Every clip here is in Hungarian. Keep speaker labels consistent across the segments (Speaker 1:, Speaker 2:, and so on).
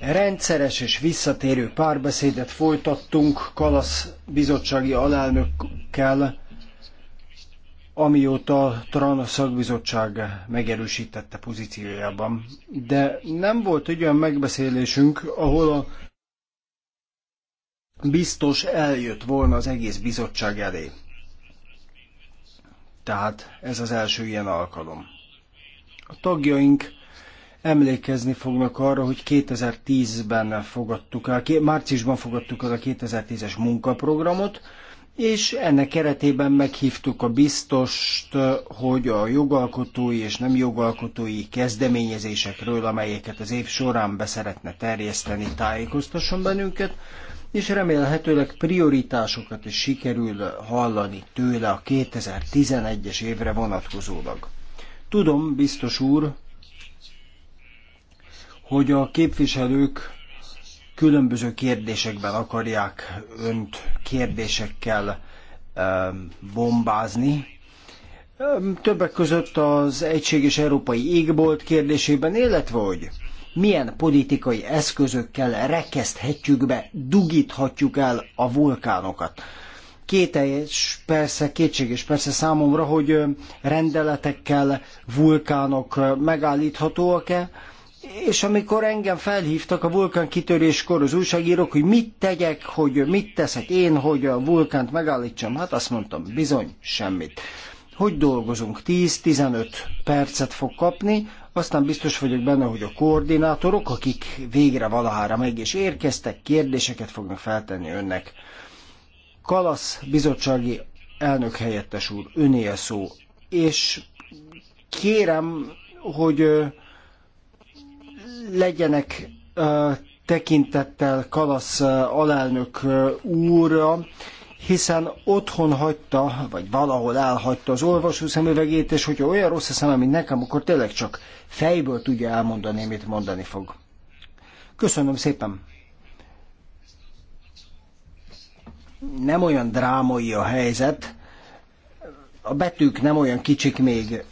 Speaker 1: Rendszeres és visszatérő párbeszédet folytattunk Kalasz bizottsági alelnökkel, amióta a TRAN szakbizottság megerősítette pozíciójában. De nem volt egy olyan megbeszélésünk, ahol a biztos eljött volna az egész bizottság elé. Tehát ez az első ilyen alkalom. A tagjaink emlékezni fognak arra, hogy 2010-ben fogadtuk el, márciusban fogadtuk el a 2010-es munkaprogramot, és ennek keretében meghívtuk a biztost, hogy a jogalkotói és nem jogalkotói kezdeményezésekről, amelyeket az év során beszeretne terjeszteni, tájékoztasson bennünket, és remélhetőleg prioritásokat is sikerül hallani tőle a 2011-es évre vonatkozólag. Tudom, biztos úr, hogy a képviselők különböző kérdésekben akarják önt kérdésekkel bombázni. Többek között az és európai égbolt kérdésében, illetve hogy milyen politikai eszközökkel rekeszthetjük be, dugíthatjuk el a vulkánokat. Kételjes persze, kétséges persze számomra, hogy rendeletekkel vulkánok megállíthatóak-e, és amikor engem felhívtak a vulkán kitöréskor az újságírók, hogy mit tegyek, hogy mit teszek én, hogy a vulkánt megállítsam, hát azt mondtam, bizony, semmit. Hogy dolgozunk? 10-15 percet fog kapni, aztán biztos vagyok benne, hogy a koordinátorok, akik végre valahára meg is érkeztek, kérdéseket fognak feltenni önnek. Kalasz bizottsági elnök helyettes úr, öné a szó, és kérem, hogy legyenek tekintettel Kalasz alelnök úrra, hiszen otthon hagyta, vagy valahol elhagyta az olvasó szemüvegét, és hogyha olyan rossz a szemem, mint nekem, akkor tényleg csak fejből tudja elmondani, mit mondani fog. Köszönöm szépen! Nem olyan drámai a helyzet, a betűk nem olyan kicsik még,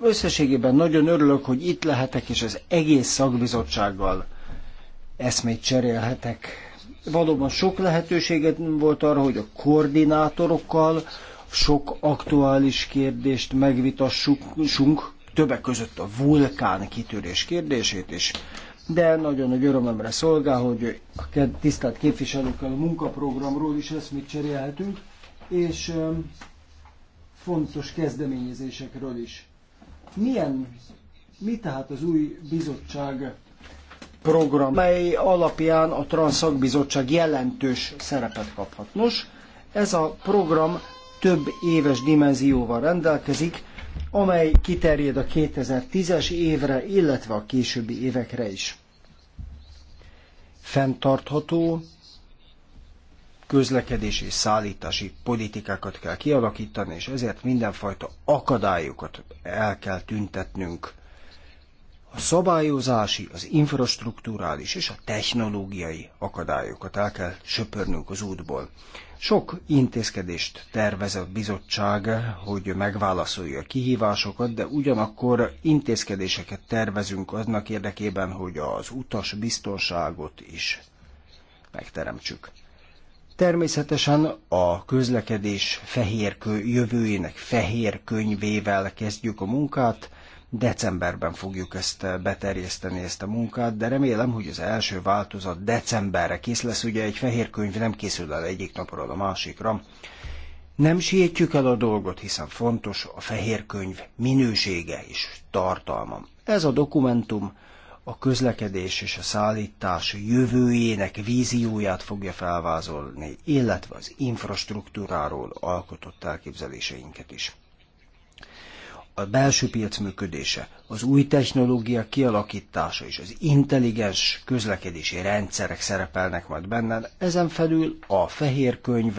Speaker 1: Összességében nagyon örülök, hogy itt lehetek, és az egész szakbizottsággal eszmét cserélhetek. Valóban sok lehetőséget volt arra, hogy a koordinátorokkal sok aktuális kérdést megvitassunk, többek között a vulkán kitörés kérdését is, de nagyon nagy örömemre szolgál, hogy a tisztelt képviselőkkel a munkaprogramról is eszmét cserélhetünk, és fontos kezdeményezésekről is. Milyen, mi tehát az új bizottság program, mely alapján a Transzakbizottság jelentős szerepet kaphat. Nos, ez a program több éves dimenzióval rendelkezik, amely kiterjed a 2010-es évre, illetve a későbbi évekre is. Fenntartható közlekedési és szállítási politikákat kell kialakítani, és ezért mindenfajta akadályokat el kell tüntetnünk. A szabályozási, az infrastruktúrális és a technológiai akadályokat el kell söpörnünk az útból. Sok intézkedést tervez a bizottság, hogy megválaszolja a kihívásokat, de ugyanakkor intézkedéseket tervezünk annak érdekében, hogy az utas biztonságot is megteremtsük. Természetesen a közlekedés fehér jövőjének fehér könyvével kezdjük a munkát, decemberben fogjuk ezt eh, beterjeszteni, ezt a munkát, de remélem, hogy az első változat decemberre kész lesz, ugye egy fehér könyv nem készül el egyik napról a másikra. Nem sietjük el a dolgot, hiszen fontos a fehér könyv minősége és tartalma. Ez a dokumentum a közlekedés és a szállítás jövőjének vízióját fogja felvázolni, illetve az infrastruktúráról alkotott elképzeléseinket is. A belső piac működése, az új technológia kialakítása és az intelligens közlekedési rendszerek szerepelnek majd benne, ezen felül a fehér könyv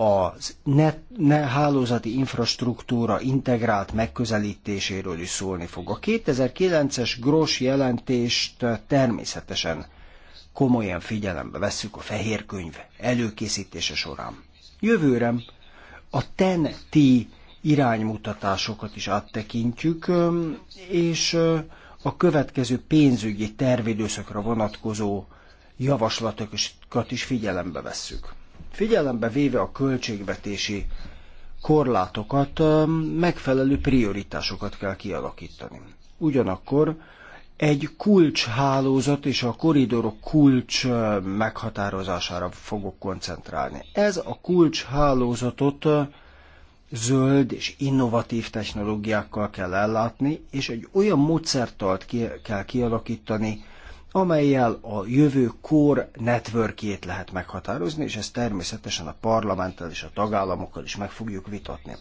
Speaker 1: a net, hálózati infrastruktúra integrált megközelítéséről is szólni fog. A 2009-es Gross jelentést természetesen komolyan figyelembe vesszük a fehér könyv előkészítése során. Jövőre a TEN-T iránymutatásokat is áttekintjük, és a következő pénzügyi tervidőszakra vonatkozó javaslatokat is figyelembe vesszük figyelembe véve a költségvetési korlátokat, megfelelő prioritásokat kell kialakítani. Ugyanakkor egy kulcshálózat és a koridorok kulcs meghatározására fogok koncentrálni. Ez a kulcshálózatot zöld és innovatív technológiákkal kell ellátni, és egy olyan módszertalt ki kell kialakítani, amelyel a jövő kor networkjét lehet meghatározni, és ezt természetesen a parlamenttel és a tagállamokkal is meg fogjuk vitatni.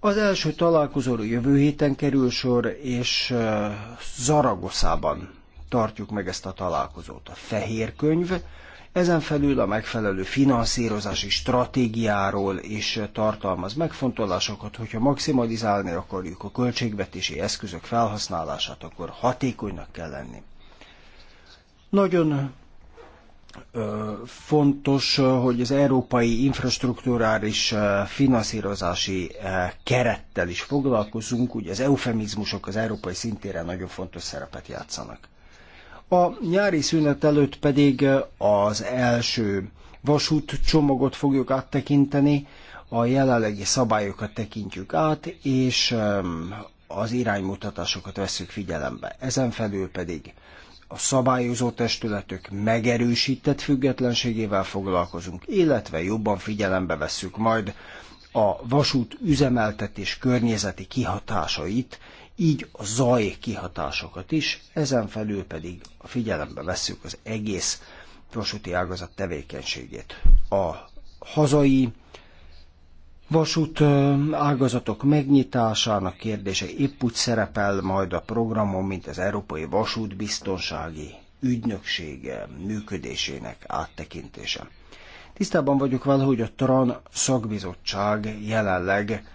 Speaker 1: Az első találkozóra jövő héten kerül sor, és Zaragoszában tartjuk meg ezt a találkozót. A fehér könyv, ezen felül a megfelelő finanszírozási stratégiáról is tartalmaz megfontolásokat, hogyha maximalizálni akarjuk a költségvetési eszközök felhasználását, akkor hatékonynak kell lenni. Nagyon fontos, hogy az európai infrastruktúrális finanszírozási kerettel is foglalkozunk, ugye az eufemizmusok az európai szintére nagyon fontos szerepet játszanak. A nyári szünet előtt pedig az első vasútcsomagot fogjuk áttekinteni, a jelenlegi szabályokat tekintjük át, és az iránymutatásokat vesszük figyelembe. Ezen felül pedig a szabályozó testületök megerősített függetlenségével foglalkozunk, illetve jobban figyelembe vesszük majd a vasút üzemeltetés környezeti kihatásait, így a zaj kihatásokat is, ezen felül pedig figyelembe vesszük az egész vasúti ágazat tevékenységét. A hazai vasút ágazatok megnyitásának kérdése épp úgy szerepel majd a programon, mint az Európai Vasút Biztonsági Ügynöksége működésének áttekintése. Tisztában vagyok vele, hogy a TRAN szakbizottság jelenleg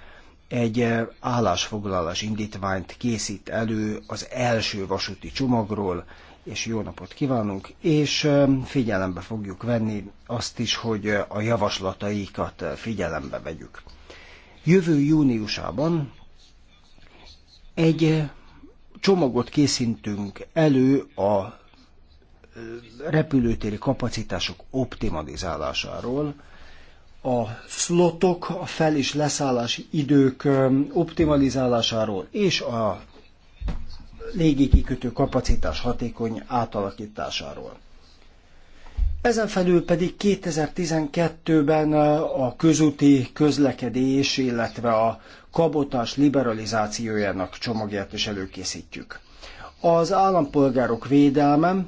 Speaker 1: egy állásfoglalás indítványt készít elő az első vasúti csomagról, és jó napot kívánunk, és figyelembe fogjuk venni azt is, hogy a javaslataikat figyelembe vegyük. Jövő júniusában egy csomagot készítünk elő a repülőtéri kapacitások optimalizálásáról, a slotok a fel- és leszállási idők optimalizálásáról és a légikikötő kapacitás hatékony átalakításáról. Ezen felül pedig 2012-ben eh, a közúti közlekedés, illetve a kabotás liberalizációjának csomagját is előkészítjük. Az állampolgárok védelme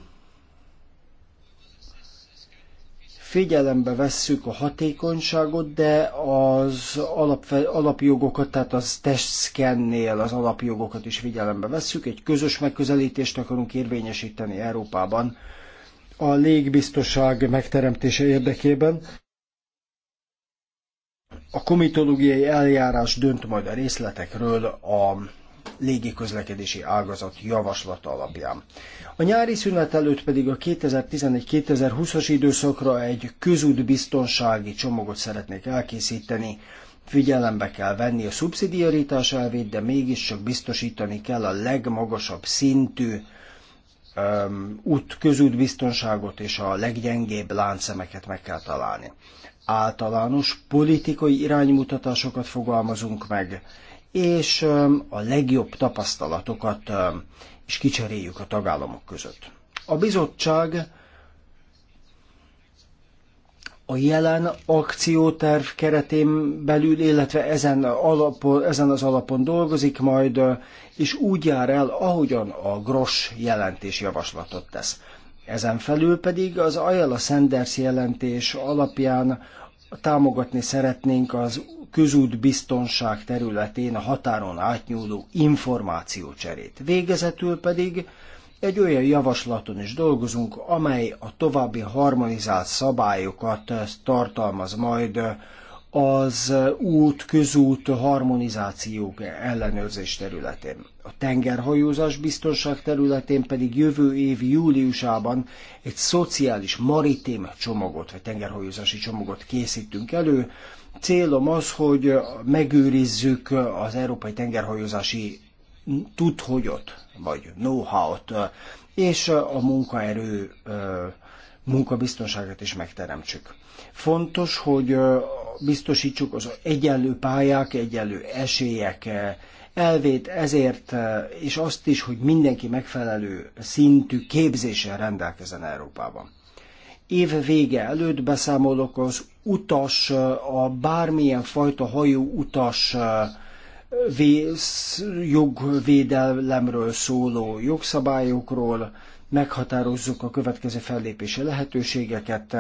Speaker 1: figyelembe vesszük a hatékonyságot, de az alapfe, alapjogokat, tehát az testszkennél az alapjogokat is figyelembe vesszük. Egy közös megközelítést akarunk érvényesíteni Európában a légbiztoság megteremtése érdekében. A komitológiai eljárás dönt majd a részletekről a légiközlekedési ágazat javaslata alapján. A nyári szünet előtt pedig a 2011-2020-as időszakra egy közútbiztonsági csomagot szeretnék elkészíteni. Figyelembe kell venni a szubszidiaritás elvét, de mégiscsak biztosítani kell a legmagasabb szintű um, út közútbiztonságot és a leggyengébb láncszemeket meg kell találni. Általános politikai iránymutatásokat fogalmazunk meg, és um, a legjobb tapasztalatokat um, és kicseréljük a tagállamok között. A bizottság a jelen akcióterv keretén belül, illetve ezen, alapon, ezen az alapon dolgozik majd, és úgy jár el, ahogyan a Gross jelentés javaslatot tesz. Ezen felül pedig az Ayala Sanders jelentés alapján támogatni szeretnénk az közút biztonság területén a határon átnyúló információcserét. Végezetül pedig egy olyan javaslaton is dolgozunk, amely a további harmonizált szabályokat tartalmaz majd az út, közút harmonizációk ellenőrzés területén. A tengerhajózás biztonság területén pedig jövő év júliusában egy szociális maritim csomagot, vagy tengerhajózási csomagot készítünk elő. Célom az, hogy megőrizzük az európai tengerhajózási tudhogyot, vagy know-how-t, és a munkaerő munkabiztonságot is megteremtsük. Fontos, hogy biztosítsuk az egyenlő pályák, egyenlő esélyek eh, elvét, ezért, eh, és azt is, hogy mindenki megfelelő szintű képzéssel rendelkezzen Európában. Év vége előtt beszámolok az utas, eh, a bármilyen fajta hajó utas jogvédelemről szóló jogszabályokról, meghatározzuk a következő fellépési lehetőségeket,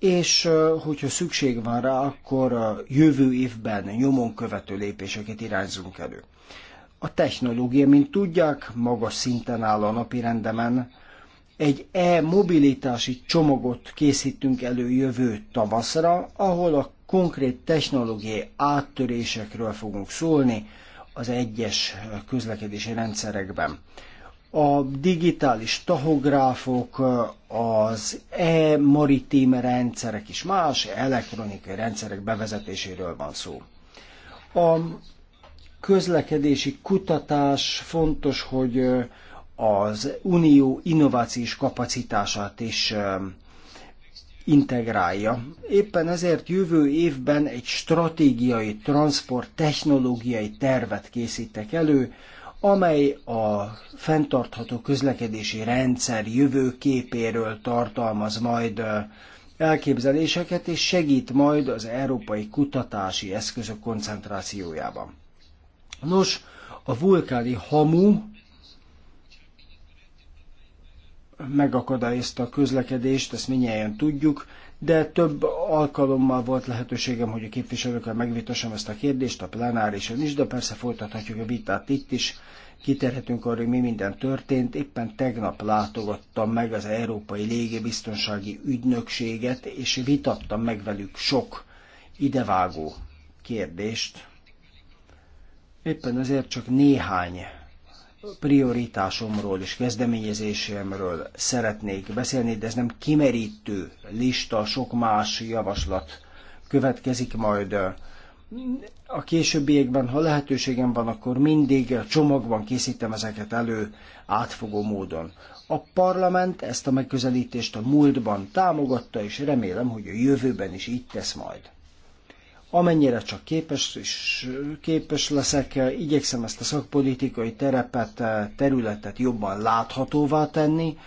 Speaker 1: és hogyha szükség van rá, akkor a jövő évben nyomon követő lépéseket irányzunk elő. A technológia, mint tudják, magas szinten áll a napi rendemen. Egy e-mobilitási csomagot készítünk elő jövő tavaszra, ahol a konkrét technológiai áttörésekről fogunk szólni az egyes közlekedési rendszerekben a digitális tahográfok, az e maritime rendszerek és más elektronikai rendszerek bevezetéséről van szó. A közlekedési kutatás fontos, hogy az unió innovációs kapacitását is integrálja. Éppen ezért jövő évben egy stratégiai transport technológiai tervet készítek elő, amely a fenntartható közlekedési rendszer jövőképéről tartalmaz majd elképzeléseket, és segít majd az európai kutatási eszközök koncentrációjában. Nos, a vulkáni hamu megakadályozta a közlekedést, ezt minnyáján tudjuk, de több alkalommal volt lehetőségem, hogy a képviselőkkel megvitassam ezt a kérdést, a plenárisan is, de persze folytathatjuk a vitát itt is. Kiterhetünk arra, hogy mi minden történt. Éppen tegnap látogattam meg az Európai Légibiztonsági Ügynökséget, és vitattam meg velük sok idevágó kérdést. Éppen azért csak néhány prioritásomról és kezdeményezésemről szeretnék beszélni, de ez nem kimerítő lista, sok más javaslat következik majd. A későbbiekben, ha lehetőségem van, akkor mindig csomagban készítem ezeket elő átfogó módon. A parlament ezt a megközelítést a múltban támogatta, és remélem, hogy a jövőben is így tesz majd. Amennyire csak képes, és képes leszek, igyekszem ezt a szakpolitikai terepet, eh, területet jobban láthatóvá tenni,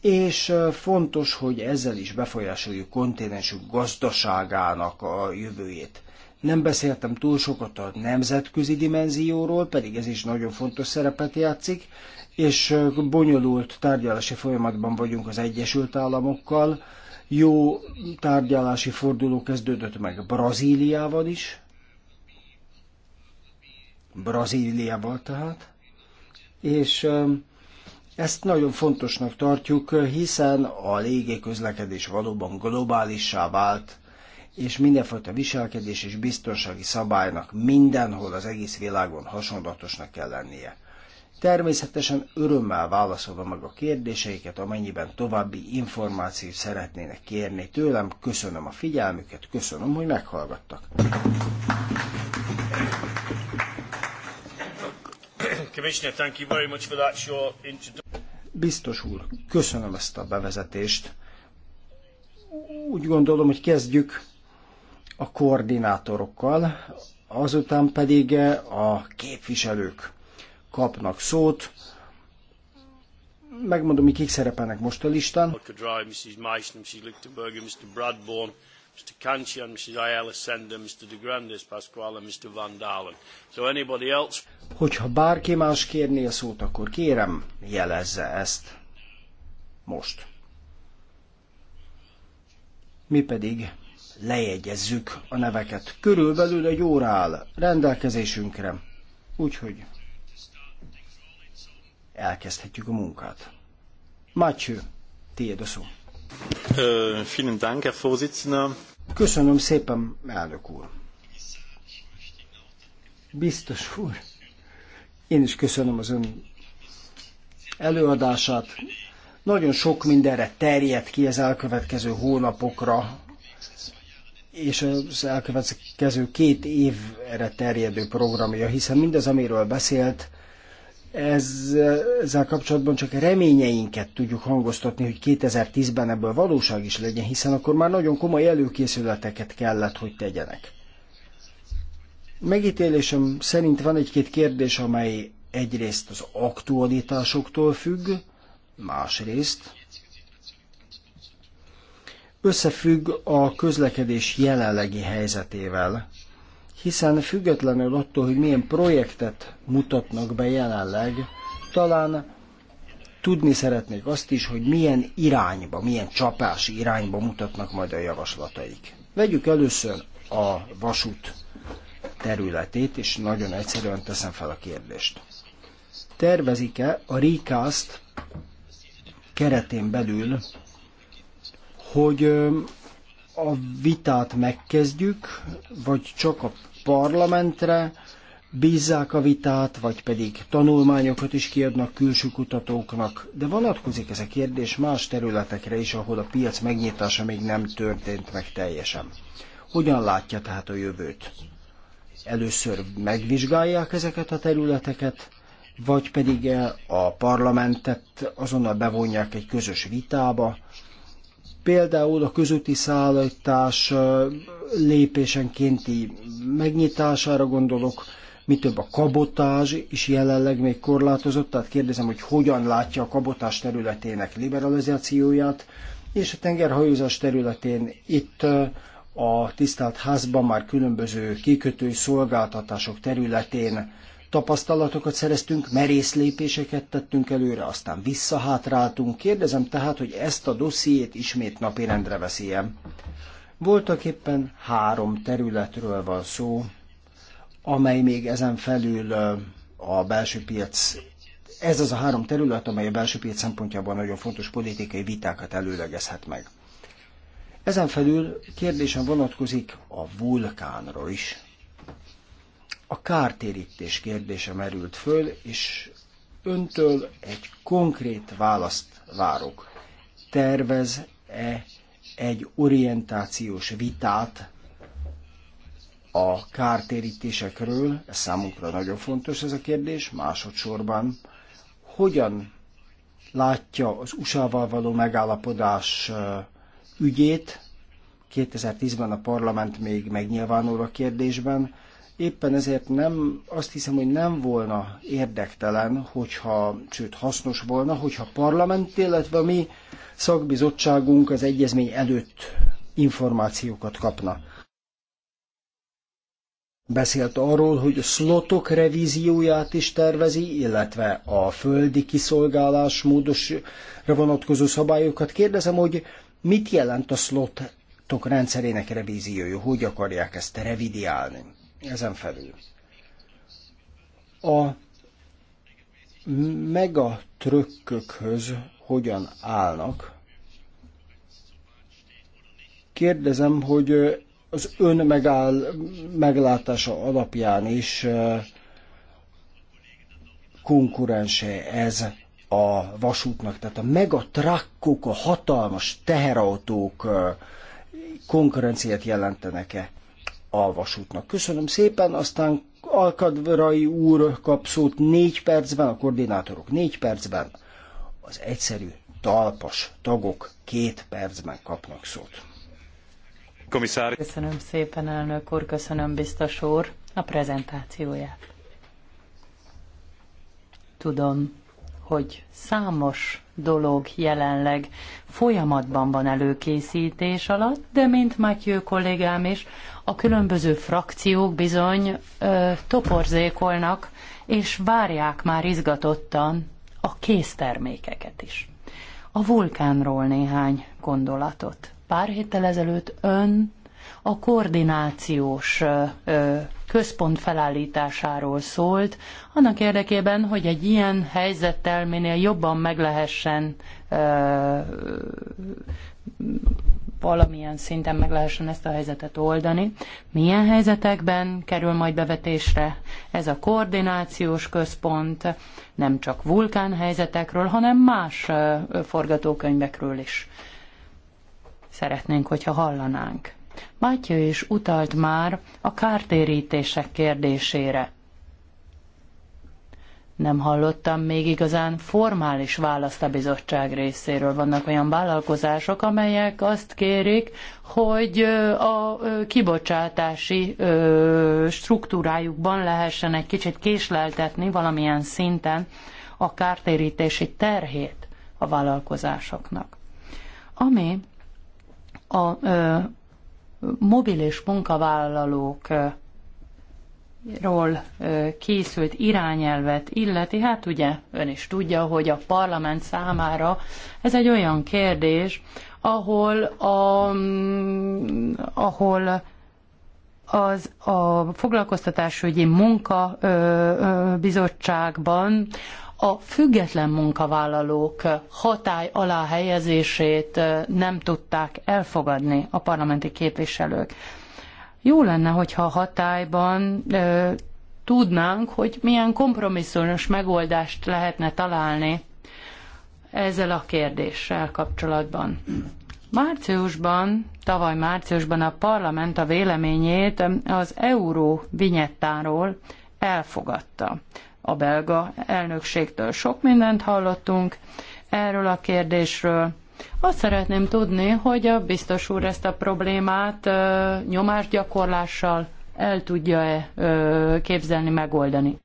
Speaker 1: és eh, fontos, hogy ezzel is befolyásoljuk kontinensünk gazdaságának a jövőjét. Nem beszéltem túl sokat a nemzetközi dimenzióról, pedig ez is nagyon fontos szerepet játszik, és eh, bonyolult tárgyalási folyamatban vagyunk az Egyesült Államokkal, jó tárgyalási forduló kezdődött meg Brazíliával is, Brazíliával tehát, és ezt nagyon fontosnak tartjuk, hiszen a légiközlekedés valóban globálissá vált, és mindenfajta viselkedés és biztonsági szabálynak mindenhol az egész világon hasonlatosnak kell lennie. Természetesen örömmel válaszolva meg a kérdéseiket, amennyiben további információt szeretnének kérni tőlem. Köszönöm a figyelmüket, köszönöm, hogy meghallgattak. Biztos úr, köszönöm ezt a bevezetést. Úgy gondolom, hogy kezdjük a koordinátorokkal, azután pedig a képviselők kapnak szót. Megmondom, mi kik szerepelnek most a listán.
Speaker 2: Mrs. Meissner, Mrs. Lichtenberger, Mr. Bradbourne, Mr. Kanchan, Mrs. Ayala
Speaker 1: Sender, Mr. de Grandes Pasquale, Mr. Van Dalen. So anybody else? Hogyha bárki más kérné a szót, akkor kérem, jelezze ezt most. Mi pedig lejegyezzük a neveket. Körülbelül egy óra áll rendelkezésünkre. Úgyhogy elkezdhetjük a munkát. Mácső, tiéd a szó.
Speaker 2: Vielen Dank, Herr Vorsitzender.
Speaker 1: Köszönöm szépen, elnök úr. Biztos úr. Én is köszönöm az ön előadását. Nagyon sok mindenre terjed ki az elkövetkező hónapokra, és az elkövetkező két évre terjedő programja, hiszen mindaz, amiről beszélt, ezzel kapcsolatban csak reményeinket tudjuk hangoztatni, hogy 2010-ben ebből valóság is legyen, hiszen akkor már nagyon komoly előkészületeket kellett, hogy tegyenek. Megítélésem szerint van egy-két kérdés, amely egyrészt az aktualitásoktól függ, másrészt összefügg a közlekedés jelenlegi helyzetével, hiszen függetlenül attól, hogy milyen projektet mutatnak be jelenleg, talán tudni szeretnék azt is, hogy milyen irányba, milyen csapás irányba mutatnak majd a javaslataik. Vegyük először a vasút területét, és nagyon egyszerűen teszem fel a kérdést. Tervezik-e a recast keretén belül, hogy a vitát megkezdjük, vagy csak a parlamentre bízzák a vitát, vagy pedig tanulmányokat is kiadnak külső kutatóknak, de vonatkozik ez a kérdés más területekre is, ahol a piac megnyitása még nem történt meg teljesen. Hogyan látja tehát a jövőt? Először megvizsgálják ezeket a területeket, vagy pedig eh, a parlamentet azonnal bevonják egy közös vitába, például a közúti szállítás lépésenkénti megnyitására gondolok, mi több a kabotás is jelenleg még korlátozott, tehát kérdezem, hogy hogyan látja a kabotás területének liberalizációját, és a tengerhajózás területén itt a tisztelt házban már különböző kikötő szolgáltatások területén tapasztalatokat szereztünk, merész lépéseket tettünk előre, aztán visszahátráltunk. Kérdezem tehát, hogy ezt a dossziét ismét napirendre veszélyem. Voltak éppen három területről van szó, amely még ezen felül a belső piac, ez az a három terület, amely a belső piac szempontjából nagyon fontos politikai vitákat előlegezhet meg. Ezen felül kérdésem vonatkozik a vulkánról is, a kártérítés kérdése merült föl, és öntől egy konkrét választ várok. Tervez-e egy orientációs vitát a kártérítésekről, ez számunkra nagyon fontos ez a kérdés, másodszorban hogyan látja az USA-val való megállapodás uh, ügyét, 2010-ben a parlament még megnyilvánul a kérdésben, Éppen ezért nem, azt hiszem, hogy nem volna érdektelen, hogyha, sőt hasznos volna, hogyha parlament, illetve mi szakbizottságunk az egyezmény előtt információkat kapna. Beszélt arról, hogy a szlotok revízióját is tervezi, illetve a földi kiszolgálás módosra vonatkozó szabályokat. Kérdezem, hogy mit jelent a szlotok rendszerének revíziója, hogy akarják ezt revidiálni? Ezen felül. A megatrökkökhöz hogyan állnak? Kérdezem, hogy az ön megáll, meglátása alapján is eh, konkurense ez a vasútnak, tehát a megatrakkok, a hatalmas teherautók eh, konkurenciát jelentenek-e alvasútnak. Köszönöm szépen, aztán Alkadrai úr kap szót négy percben, a koordinátorok négy percben, az egyszerű talpas tagok két percben kapnak szót.
Speaker 3: Komisszár. Köszönöm szépen, elnök úr, köszönöm biztos úr a prezentációját. Tudom, hogy számos dolog jelenleg folyamatban van előkészítés alatt, de mint Matyő kollégám is, a különböző frakciók bizony ö, toporzékolnak, és várják már izgatottan a késztermékeket is. A vulkánról néhány gondolatot. Pár héttel ezelőtt ön a koordinációs központ felállításáról szólt, annak érdekében, hogy egy ilyen helyzettel minél jobban meg lehessen valamilyen szinten meg lehessen ezt a helyzetet oldani. Milyen helyzetekben kerül majd bevetésre ez a koordinációs központ, nem csak vulkán helyzetekről, hanem más forgatókönyvekről is szeretnénk, hogyha hallanánk. Mátya is utalt már a kártérítések kérdésére. Nem hallottam még igazán formális választ a bizottság részéről. Vannak olyan vállalkozások, amelyek azt kérik, hogy a kibocsátási struktúrájukban lehessen egy kicsit késleltetni valamilyen szinten a kártérítési terhét a vállalkozásoknak. Ami a mobilis munkavállalókról készült irányelvet illeti, hát ugye ön is tudja, hogy a parlament számára ez egy olyan kérdés, ahol, a, mm, ahol az a foglalkoztatásügyi munkabizottságban a független munkavállalók hatály alá helyezését nem tudták elfogadni a parlamenti képviselők. Jó lenne, hogyha a hatályban ö, tudnánk, hogy milyen kompromisszumos megoldást lehetne találni ezzel a kérdéssel kapcsolatban. Márciusban, tavaly márciusban a parlament a véleményét az euró vinyettáról elfogadta a belga elnökségtől. Sok mindent hallottunk erről a kérdésről. Azt szeretném tudni, hogy a biztos úr ezt a problémát nyomásgyakorlással el tudja-e képzelni, megoldani.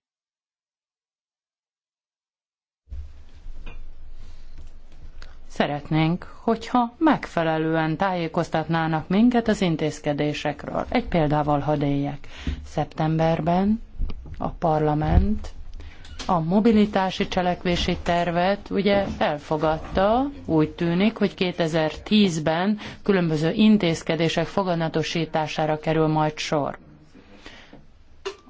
Speaker 3: Szeretnénk, hogyha megfelelően tájékoztatnának minket az intézkedésekről. Egy példával hadd éljek. Szeptemberben a parlament a mobilitási cselekvési tervet ugye elfogadta, úgy tűnik, hogy 2010-ben különböző intézkedések foganatosítására kerül majd sor.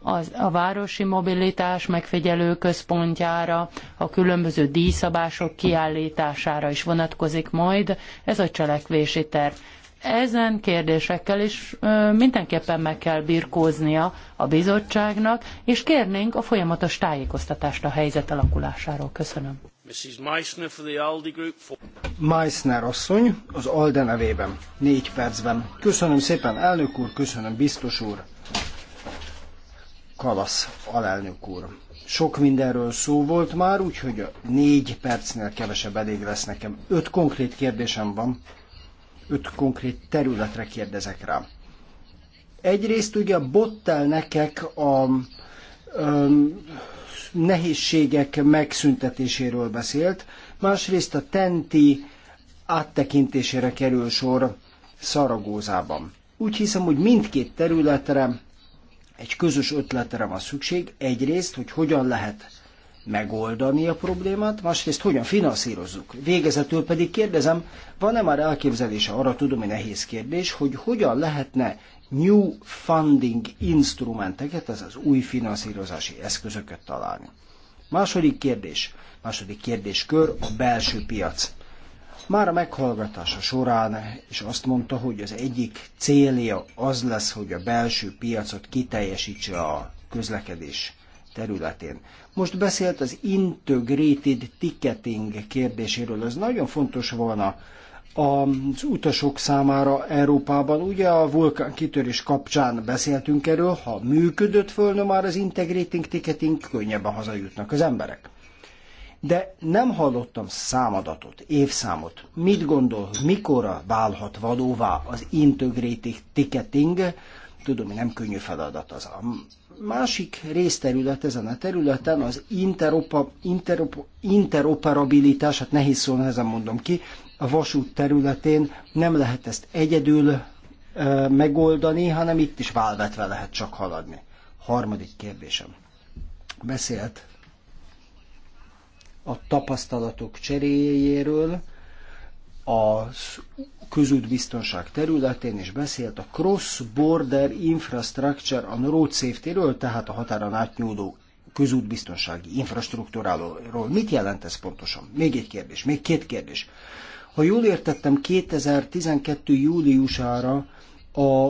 Speaker 3: Az, a városi mobilitás megfigyelő központjára, a különböző díjszabások kiállítására is vonatkozik majd ez a cselekvési terv ezen kérdésekkel is mindenképpen meg kell birkóznia a bizottságnak, és kérnénk a folyamatos tájékoztatást a helyzet alakulásáról. Köszönöm.
Speaker 1: Mrs. Meissner for the ALDE Group.
Speaker 3: Meissner
Speaker 1: asszony az ALDE nevében, négy percben. Köszönöm szépen, elnök úr, köszönöm, biztos úr. Kalasz alelnök úr. Sok mindenről szó volt már, úgyhogy a négy percnél kevesebb elég lesz nekem. Öt konkrét kérdésem van öt konkrét területre kérdezek rá. Egyrészt ugye a bottelnekek a öm, nehézségek megszüntetéséről beszélt, másrészt a tenti áttekintésére kerül sor Szaragózában. Úgy hiszem, hogy mindkét területre egy közös ötletre van szükség. Egyrészt, hogy hogyan lehet megoldani a problémát, másrészt hogyan finanszírozzuk. Végezetül pedig kérdezem, van-e már elképzelése, arra tudom, hogy nehéz kérdés, hogy hogyan lehetne new funding instrumenteket, azaz új finanszírozási eszközöket találni. Második kérdés, második kérdéskör a belső piac. Már a meghallgatása során és azt mondta, hogy az egyik célja az lesz, hogy a belső piacot kiteljesítse a közlekedés területén. Most beszélt az integrated ticketing kérdéséről. Ez nagyon fontos volna az utasok számára Európában. Ugye a vulkán kitörés kapcsán beszéltünk erről, ha működött volna már az integrating ticketing, könnyebben hazajutnak az emberek. De nem hallottam számadatot, évszámot. Mit gondol, mikor válhat valóvá az integrated ticketing? Tudom, hogy nem könnyű feladat az másik részterület ezen a területen az interopa, interop, interoperabilitás, hát nehéz szó, nehezen mondom ki, a vasút területén nem lehet ezt egyedül e, megoldani, hanem itt is válvetve lehet csak haladni. Harmadik kérdésem. Beszélt a tapasztalatok cseréjéről, az közútbiztonság területén, és beszélt a Cross-Border Infrastructure on Road Safety-ről, tehát a határon átnyúló közútbiztonsági infrastruktúráról. Mit jelent ez pontosan? Még egy kérdés, még két kérdés. Ha jól értettem, 2012. júliusára a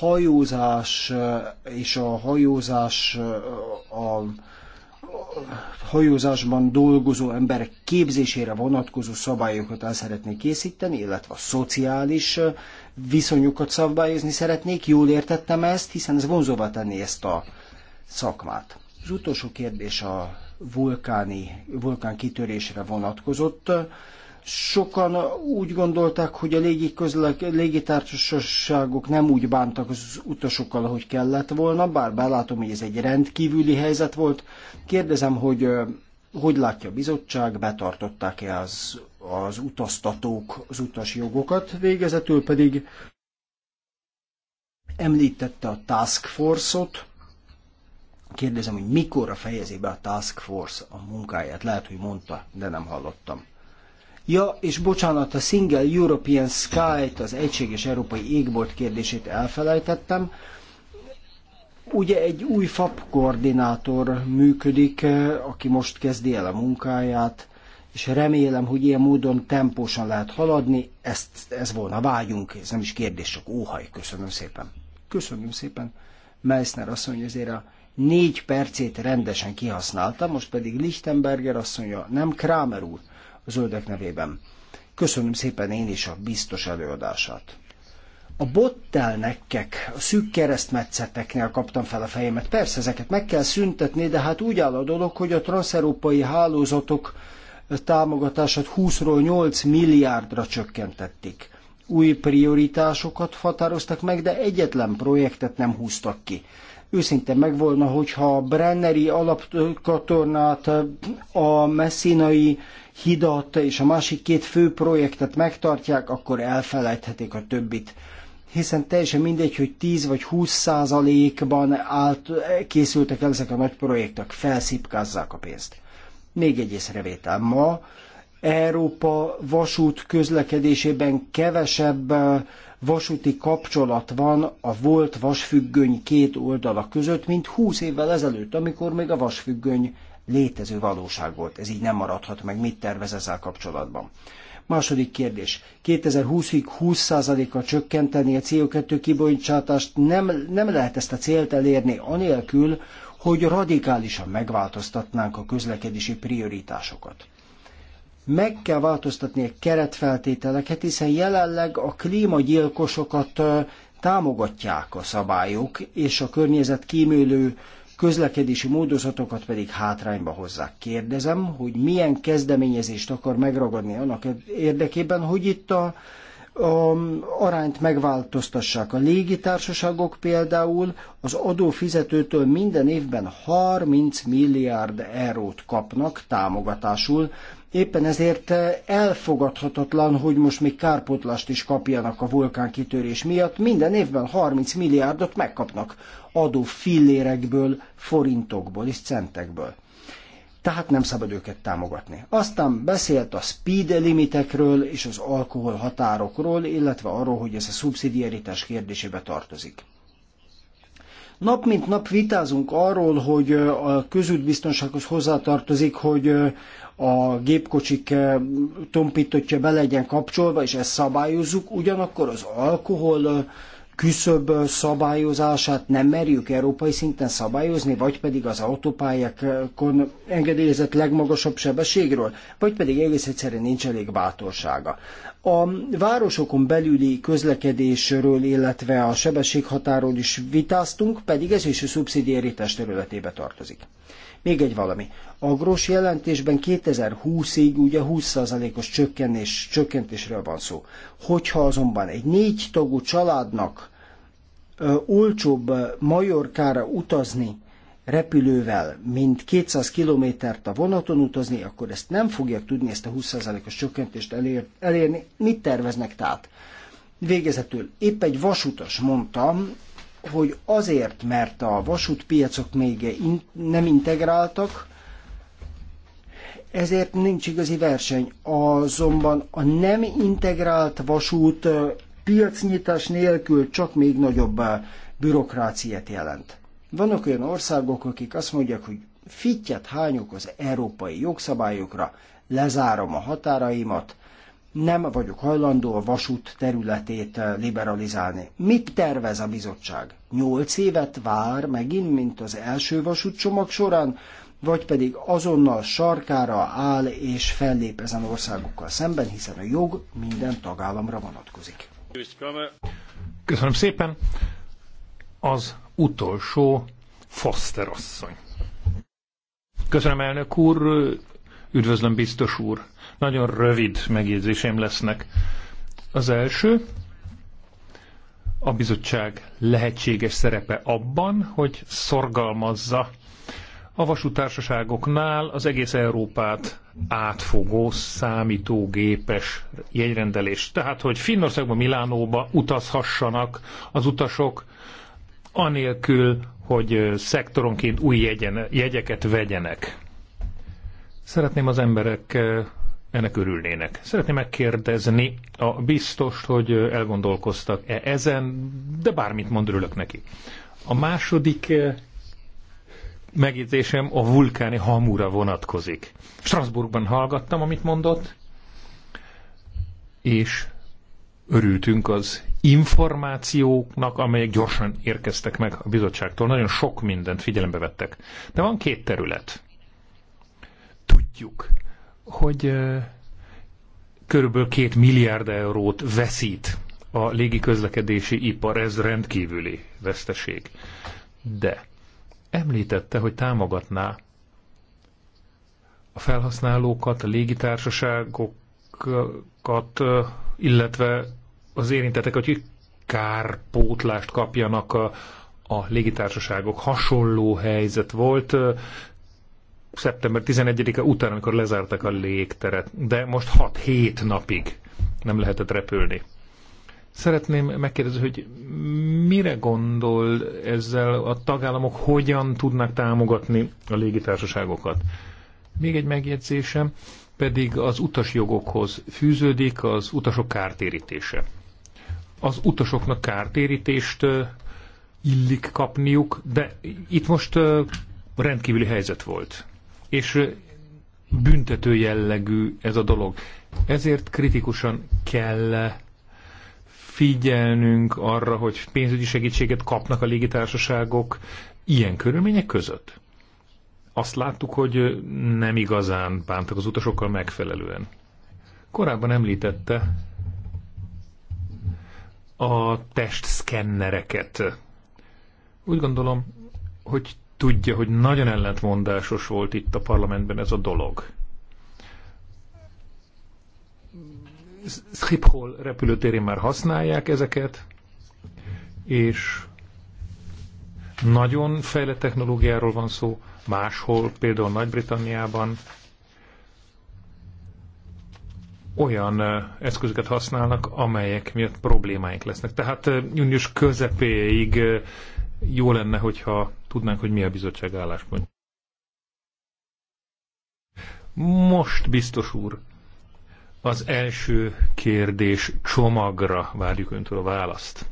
Speaker 1: hajózás eh, és a hajózás eh, a hajózásban dolgozó emberek képzésére vonatkozó szabályokat el szeretnék készíteni, illetve a szociális viszonyokat szabályozni szeretnék. Jól értettem ezt, hiszen ez vonzóvá tenni ezt a szakmát. Az utolsó kérdés a vulkáni, vulkán kitörésre vonatkozott sokan úgy gondolták, hogy a légitársaságok nem úgy bántak az utasokkal, ahogy kellett volna, bár belátom, hogy ez egy rendkívüli helyzet volt. Kérdezem, hogy hogy látja a bizottság, betartották-e az, az utaztatók az utas jogokat, végezetül pedig említette a Task Force-ot, kérdezem, hogy mikorra fejezi be a Task Force a munkáját. Lehet, hogy mondta, de nem hallottam. Ja, és bocsánat, a Single European Sky-t, az egységes európai égbolt kérdését elfelejtettem. Ugye egy új FAP koordinátor működik, eh, aki most kezdi el a munkáját, és remélem, hogy ilyen módon tempósan lehet haladni. Ezt, ez volna vágyunk, ez nem is kérdés, csak óhaj. Köszönöm szépen. Köszönöm szépen. Meissner asszony azért a négy percét rendesen kihasználta, most pedig Lichtenberger asszonya, nem Kramer úr a zöldek nevében. Köszönöm szépen én is a biztos előadását. A bottelnekkek, a szűk keresztmetszeteknél kaptam fel a fejemet. Persze, ezeket meg kell szüntetni, de hát úgy áll a dolog, hogy a transzeurópai hálózatok támogatását 20-ról 8 milliárdra csökkentették. Új prioritásokat határoztak meg, de egyetlen projektet nem húztak ki őszinte meg volna, hogyha a Brenneri alapkatornát, a Messinai hidat és a másik két fő projektet megtartják, akkor elfelejthetik a többit hiszen teljesen mindegy, hogy 10 vagy 20 százalékban állt, készültek el ezek a nagy projektek, felszipkázzák a pénzt. Még egy észrevétel. Ma Európa vasút közlekedésében kevesebb vasúti kapcsolat van a volt vasfüggöny két oldala között, mint 20 évvel ezelőtt, amikor még a vasfüggöny létező valóság volt. Ez így nem maradhat meg. Mit tervez ezzel kapcsolatban? Második kérdés. 2020-ig 20 a csökkenteni a CO2 kibocsátást nem, nem lehet ezt a célt elérni anélkül, hogy radikálisan megváltoztatnánk a közlekedési prioritásokat meg kell változtatni a keretfeltételeket, hiszen jelenleg a klímagyilkosokat támogatják a szabályok, és a környezet kímélő közlekedési módozatokat pedig hátrányba hozzák. Kérdezem, hogy milyen kezdeményezést akar megragadni annak érdekében, hogy itt a a arányt megváltoztassák. A légitársaságok például az adófizetőtől minden évben 30 milliárd eurót kapnak támogatásul, Éppen ezért elfogadhatatlan, hogy most még kárpotlást is kapjanak a vulkánkitörés miatt. Minden évben 30 milliárdot megkapnak adó fillérekből, forintokból és centekből tehát nem szabad őket támogatni. Aztán beszélt a speed limitekről és az alkohol határokról, illetve arról, hogy ez a szubszidiaritás kérdésébe tartozik. Nap mint nap vitázunk arról, hogy a közútbiztonsághoz hozzátartozik, hogy a gépkocsik tompítottja be legyen kapcsolva, és ezt szabályozzuk, ugyanakkor az alkohol küszöb szabályozását nem merjük európai szinten szabályozni, vagy pedig az autópályákon engedélyezett legmagasabb sebességről, vagy pedig egész egyszerűen nincs elég bátorsága. A városokon belüli közlekedésről, illetve a sebességhatáról is vitáztunk, pedig ez is a szubszidiaritás területébe tartozik. Még egy valami. A jelentésben 2020-ig ugye 20%-os csökkenés, csökkentésről van szó. Hogyha azonban egy négy tagú családnak ö, olcsóbb Majorkára utazni, repülővel, mint 200 kilométert a vonaton utazni, akkor ezt nem fogják tudni, ezt a 20%-os csökkentést elér, elérni. Mit terveznek tehát? Végezetül épp egy vasutas mondtam, hogy azért, mert a vasútpiacok még nem integráltak, ezért nincs igazi verseny. Azonban a nem integrált vasút piacnyitás nélkül csak még nagyobb bürokráciát jelent. Vannak olyan országok, akik azt mondják, hogy fittyet hányok az európai jogszabályokra, lezárom a határaimat, nem vagyok hajlandó a vasút területét eh, liberalizálni. Mit tervez a bizottság? Nyolc évet vár megint, mint az első vasútcsomag során, vagy pedig azonnal sarkára áll és fellép ezen országokkal szemben, hiszen a jog minden tagállamra vonatkozik. Köszönöm szépen. Az
Speaker 2: utolsó Foster asszony. Köszönöm elnök úr, üdvözlöm biztos úr. Nagyon rövid megjegyzésem lesznek. Az első, a bizottság lehetséges szerepe abban, hogy szorgalmazza a vasútársaságoknál az egész Európát átfogó számítógépes jegyrendelés. Tehát, hogy finnországban Milánóba utazhassanak az utasok, anélkül, hogy szektoronként új jegyen, jegyeket vegyenek. Szeretném az emberek ennek örülnének. Szeretném megkérdezni a biztost, hogy elgondolkoztak-e ezen, de bármit mond, örülök neki. A második eh, megjegyzésem a vulkáni hamura vonatkozik. Strasbourgban hallgattam, amit mondott, és örültünk az információknak, amelyek gyorsan érkeztek meg a bizottságtól. Nagyon sok mindent figyelembe vettek. De van két terület. Tudjuk, hogy körülbelül két milliárd eurót veszít a légiközlekedési ipar, ez rendkívüli veszteség. De említette, hogy támogatná a felhasználókat, a légitársaságokat, illetve az érintettek, hogy kárpótlást kapjanak a, a légitársaságok. Hasonló helyzet volt szeptember 11-e után, amikor lezártak a légteret, de most 6-7 napig nem lehetett repülni. Szeretném megkérdezni, hogy mire gondol ezzel a tagállamok, hogyan tudnak támogatni a légitársaságokat? Még egy megjegyzésem, pedig az utasjogokhoz fűződik az utasok kártérítése. Az utasoknak kártérítést illik kapniuk, de itt most rendkívüli helyzet volt és büntető jellegű ez a dolog. Ezért kritikusan kell figyelnünk arra, hogy pénzügyi segítséget kapnak a légitársaságok ilyen körülmények között. Azt láttuk, hogy nem igazán bántak az utasokkal megfelelően. Korábban említette a testszkennereket. Úgy gondolom, hogy tudja, hogy nagyon ellentmondásos volt itt a parlamentben ez a dolog. Schiphol repülőtérén már használják ezeket, és nagyon fejlett technológiáról van szó, máshol, például Nagy-Britanniában olyan eszközöket használnak, amelyek miatt problémáink lesznek. Tehát június közepéig jó lenne, hogyha tudnánk, hogy mi a bizottság álláspontja. Most, biztos úr, az első kérdés csomagra várjuk öntől a választ.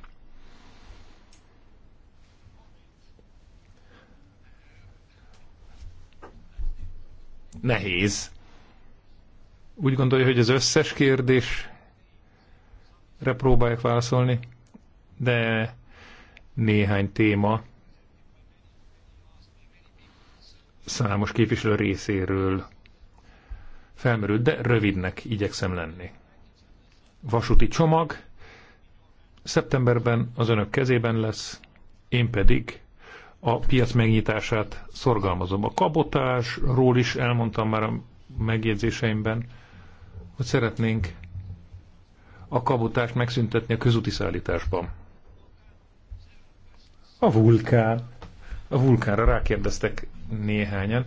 Speaker 2: Nehéz. Úgy gondolja, hogy az összes kérdésre próbálják válaszolni, de néhány téma számos képviselő részéről felmerült, de rövidnek igyekszem lenni. Vasúti csomag szeptemberben az önök kezében lesz, én pedig a piac megnyitását szorgalmazom. A kabotásról is elmondtam már a megjegyzéseimben, hogy szeretnénk a kabotást megszüntetni a közúti szállításban. A vulkán. A vulkánra rákérdeztek néhányan.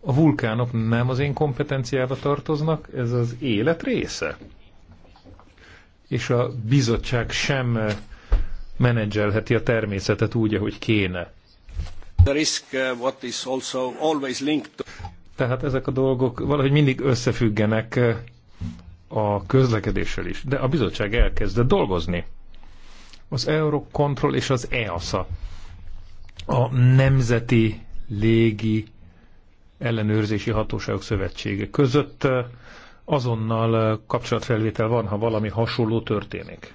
Speaker 2: A vulkánok nem az én kompetenciába tartoznak, ez az élet része. És a bizottság sem eh, menedzselheti a természetet úgy, ahogy kéne.
Speaker 1: The risk, eh, what is also always linked to...
Speaker 2: Tehát ezek a dolgok valahogy mindig összefüggenek eh, a közlekedéssel is, de a bizottság elkezdett dolgozni az Eurocontrol és az EASA, a Nemzeti Légi Ellenőrzési Hatóságok Szövetsége között azonnal kapcsolatfelvétel van, ha valami hasonló történik.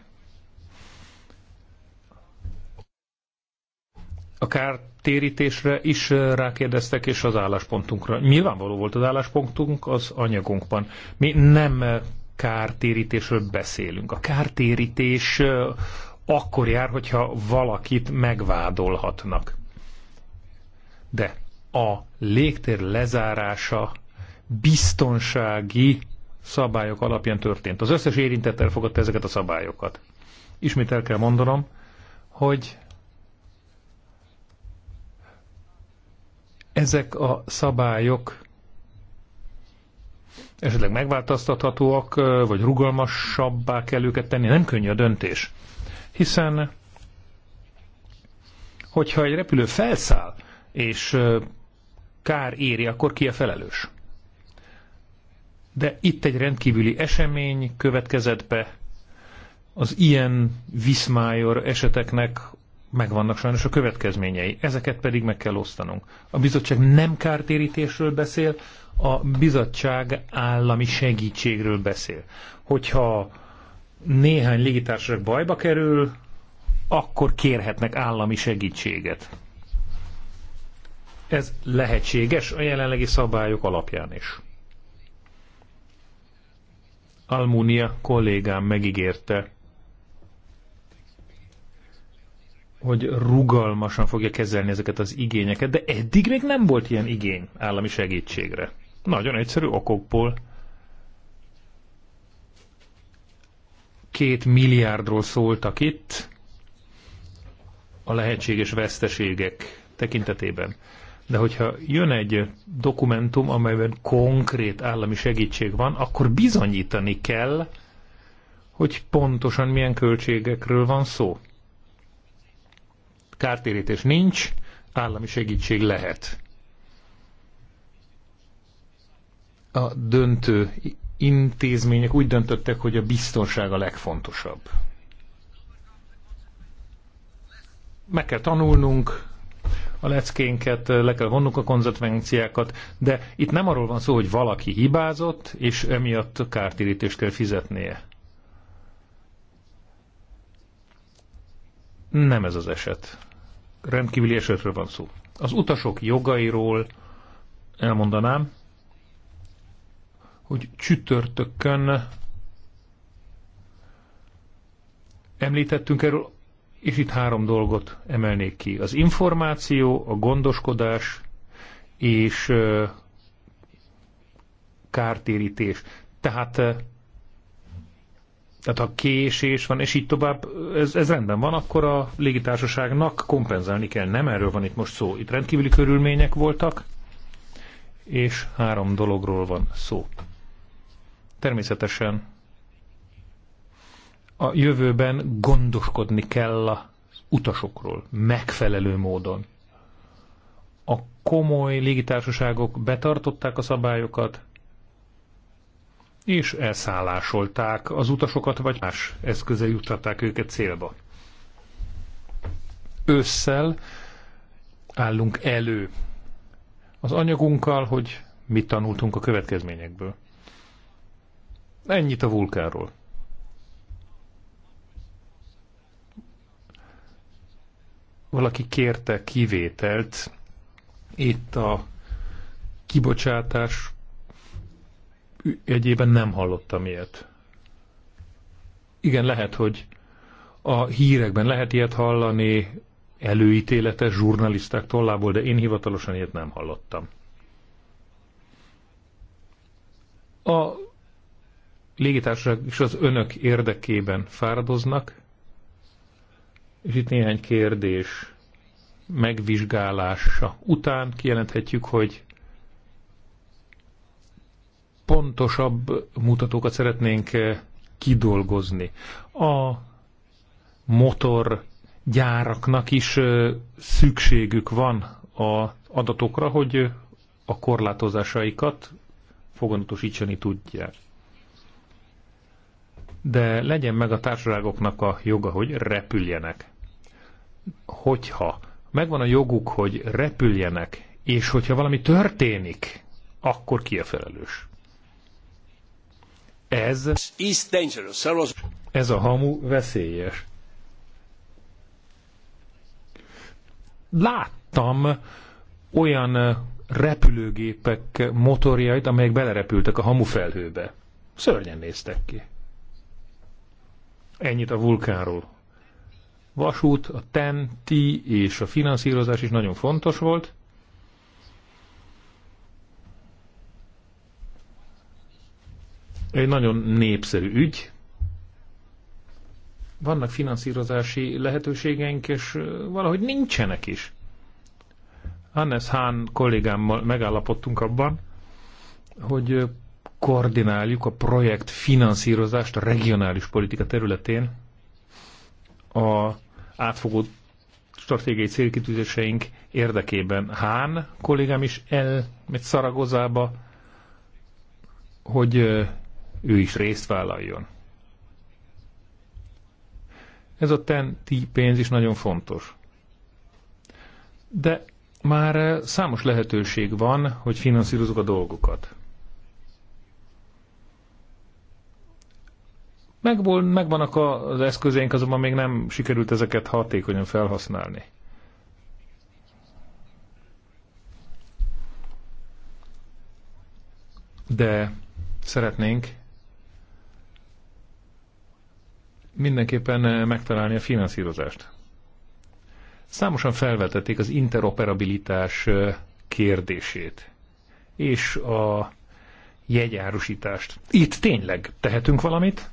Speaker 2: A kártérítésre is rákérdeztek, és az álláspontunkra. Nyilvánvaló volt az álláspontunk az anyagunkban. Mi nem kártérítésről beszélünk. A kártérítés akkor jár, hogyha valakit megvádolhatnak. De a légtér lezárása biztonsági szabályok alapján történt. Az összes érintett elfogadta ezeket a szabályokat. Ismét el kell mondanom, hogy ezek a szabályok esetleg megváltoztathatóak, vagy rugalmasabbá kell őket tenni. Nem könnyű a döntés hiszen hogyha egy repülő felszáll, és kár éri, akkor ki a felelős? De itt egy rendkívüli esemény következett be, az ilyen viszmájor eseteknek megvannak sajnos a következményei, ezeket pedig meg kell osztanunk. A bizottság nem kártérítésről beszél, a bizottság állami segítségről beszél. Hogyha néhány légitársaság bajba kerül, akkor kérhetnek állami segítséget. Ez lehetséges a jelenlegi szabályok alapján is. Almunia kollégám megígérte, hogy rugalmasan fogja kezelni ezeket az igényeket, de eddig még nem volt ilyen igény állami segítségre. Nagyon egyszerű okokból. két milliárdról szóltak itt a lehetséges veszteségek tekintetében. De hogyha jön egy dokumentum, amelyben konkrét állami segítség van, akkor bizonyítani kell, hogy pontosan milyen költségekről van szó. Kártérítés nincs, állami segítség lehet. A döntő intézmények úgy döntöttek, hogy a biztonság a legfontosabb. Meg kell tanulnunk a leckénket, le kell vonnunk a konzekvenciákat, de itt nem arról van szó, hogy valaki hibázott, és emiatt kártérítést kell fizetnie. Nem ez az eset. Rendkívüli esetről van szó. Az utasok jogairól elmondanám, hogy csütörtökön említettünk erről, és itt három dolgot emelnék ki. Az információ, a gondoskodás és kártérítés. Tehát, tehát ha késés van, és így tovább, ez, ez rendben van, akkor a légitársaságnak kompenzálni kell. Nem erről van itt most szó. Itt rendkívüli körülmények voltak, és három dologról van szó. Természetesen a jövőben gondoskodni kell a utasokról megfelelő módon. A komoly légitársaságok betartották a szabályokat, és elszállásolták az utasokat, vagy más eszköze juttatták őket célba. Ősszel állunk elő az anyagunkkal, hogy mit tanultunk a következményekből. Ennyit a vulkánról. Valaki kérte kivételt itt a kibocsátás egyében nem hallottam ilyet. Igen, lehet, hogy a hírekben lehet ilyet hallani, előítéletes zsurnaliszták tollából, de én hivatalosan ilyet nem hallottam. A légitársaság is az önök érdekében fáradoznak, és itt néhány kérdés megvizsgálása után kijelenthetjük, hogy pontosabb mutatókat szeretnénk eh, kidolgozni. A motor gyáraknak is eh, szükségük van a adatokra, hogy a korlátozásaikat foganatosítani tudják de legyen meg a társaságoknak a joga, hogy repüljenek. Hogyha megvan a joguk, hogy repüljenek, és hogyha valami történik, akkor ki a felelős? Ez, ez a hamu veszélyes. Láttam olyan repülőgépek motorjait, amelyek belerepültek a hamufelhőbe. Szörnyen néztek ki. Ennyit a vulkánról. Vasút, a TEN, TI és a finanszírozás is nagyon fontos volt. Egy nagyon népszerű ügy. Vannak finanszírozási lehetőségeink, és valahogy nincsenek is. Hannes Hahn kollégámmal megállapodtunk abban, hogy koordináljuk a projekt finanszírozást a regionális politika területén a átfogó stratégiai célkitűzéseink érdekében. Hán kollégám is el, mit Szaragozába, hogy ő is részt vállaljon. Ez a TEN-T pénz is nagyon fontos. De már számos lehetőség van, hogy finanszírozunk a dolgokat. Megból, megvannak az eszközeink, azonban még nem sikerült ezeket hatékonyan felhasználni. De szeretnénk mindenképpen eh, megtalálni a finanszírozást. Számosan felvetették az interoperabilitás eh, kérdését és a jegyárusítást. Itt tényleg tehetünk valamit,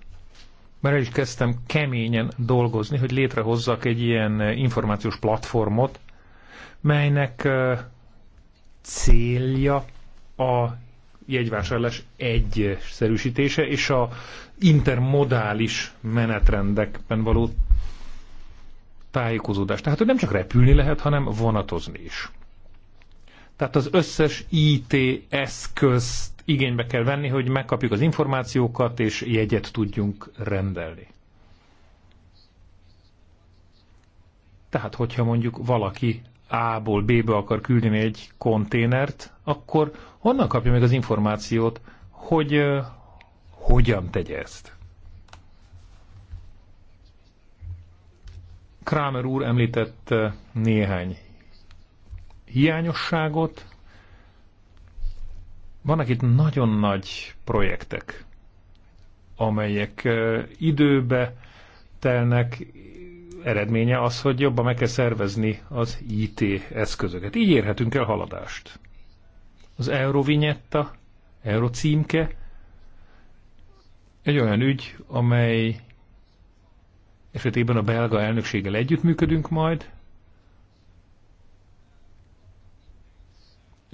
Speaker 2: már el is kezdtem keményen dolgozni, hogy létrehozzak egy ilyen eh, információs platformot, melynek eh, célja a jegyvásárlás egyszerűsítése és a intermodális menetrendekben való tájékozódás. Tehát, hogy nem csak repülni lehet, hanem vonatozni is. Tehát az összes IT eszközt igénybe kell venni, hogy megkapjuk az információkat, és jegyet tudjunk rendelni. Tehát, hogyha mondjuk valaki A-ból B-be akar küldeni egy konténert, akkor honnan kapja meg az információt, hogy uh, hogyan tegye ezt? Kramer úr említett néhány hiányosságot. Vannak itt nagyon nagy projektek, amelyek időbe telnek, eredménye az, hogy jobban meg kell szervezni az IT eszközöket. Így érhetünk el haladást. Az Eurovinyetta, Eurocímke egy olyan ügy, amely esetében a belga elnökséggel együttműködünk majd,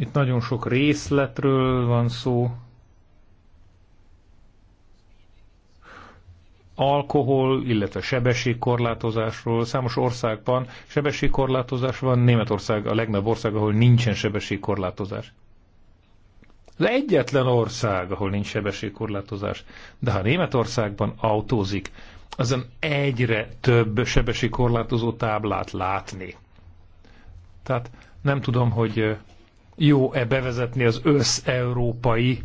Speaker 2: Itt nagyon sok részletről van szó. Alkohol, illetve sebességkorlátozásról. Számos országban sebességkorlátozás van. Németország a legnagyobb ország, ahol nincsen sebességkorlátozás. Az egyetlen ország, ahol nincs sebességkorlátozás. De ha Németországban autózik, azon egyre több sebességkorlátozó táblát látni. Tehát nem tudom, hogy jó-e bevezetni az összeurópai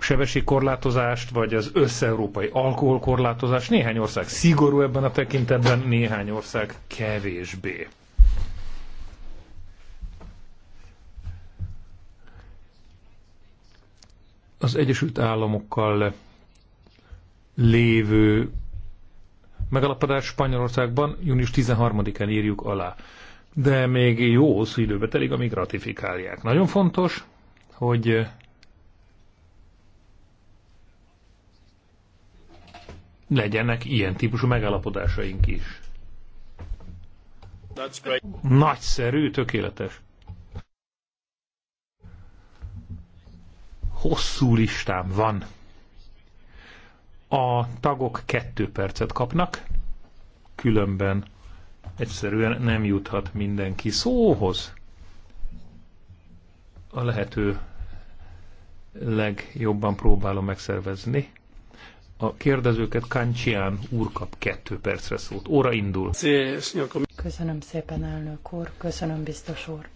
Speaker 2: sebességkorlátozást, vagy az összeurópai alkoholkorlátozást. Néhány ország szigorú ebben a tekintetben, néhány ország kevésbé. Az Egyesült Államokkal lévő megalapodás Spanyolországban június 13-án írjuk alá de még jó hosszú időbe telik, amíg ratifikálják. Nagyon fontos, hogy eh, legyenek ilyen típusú megállapodásaink is. Nagyszerű, tökéletes. Hosszú listám van. A tagok kettő percet kapnak, különben egyszerűen nem juthat mindenki szóhoz. A lehető legjobban próbálom megszervezni. A kérdezőket Kancsián úr kap kettő percre szót. Óra indul.
Speaker 3: Köszönöm szépen, elnök úr. Köszönöm, biztos úr.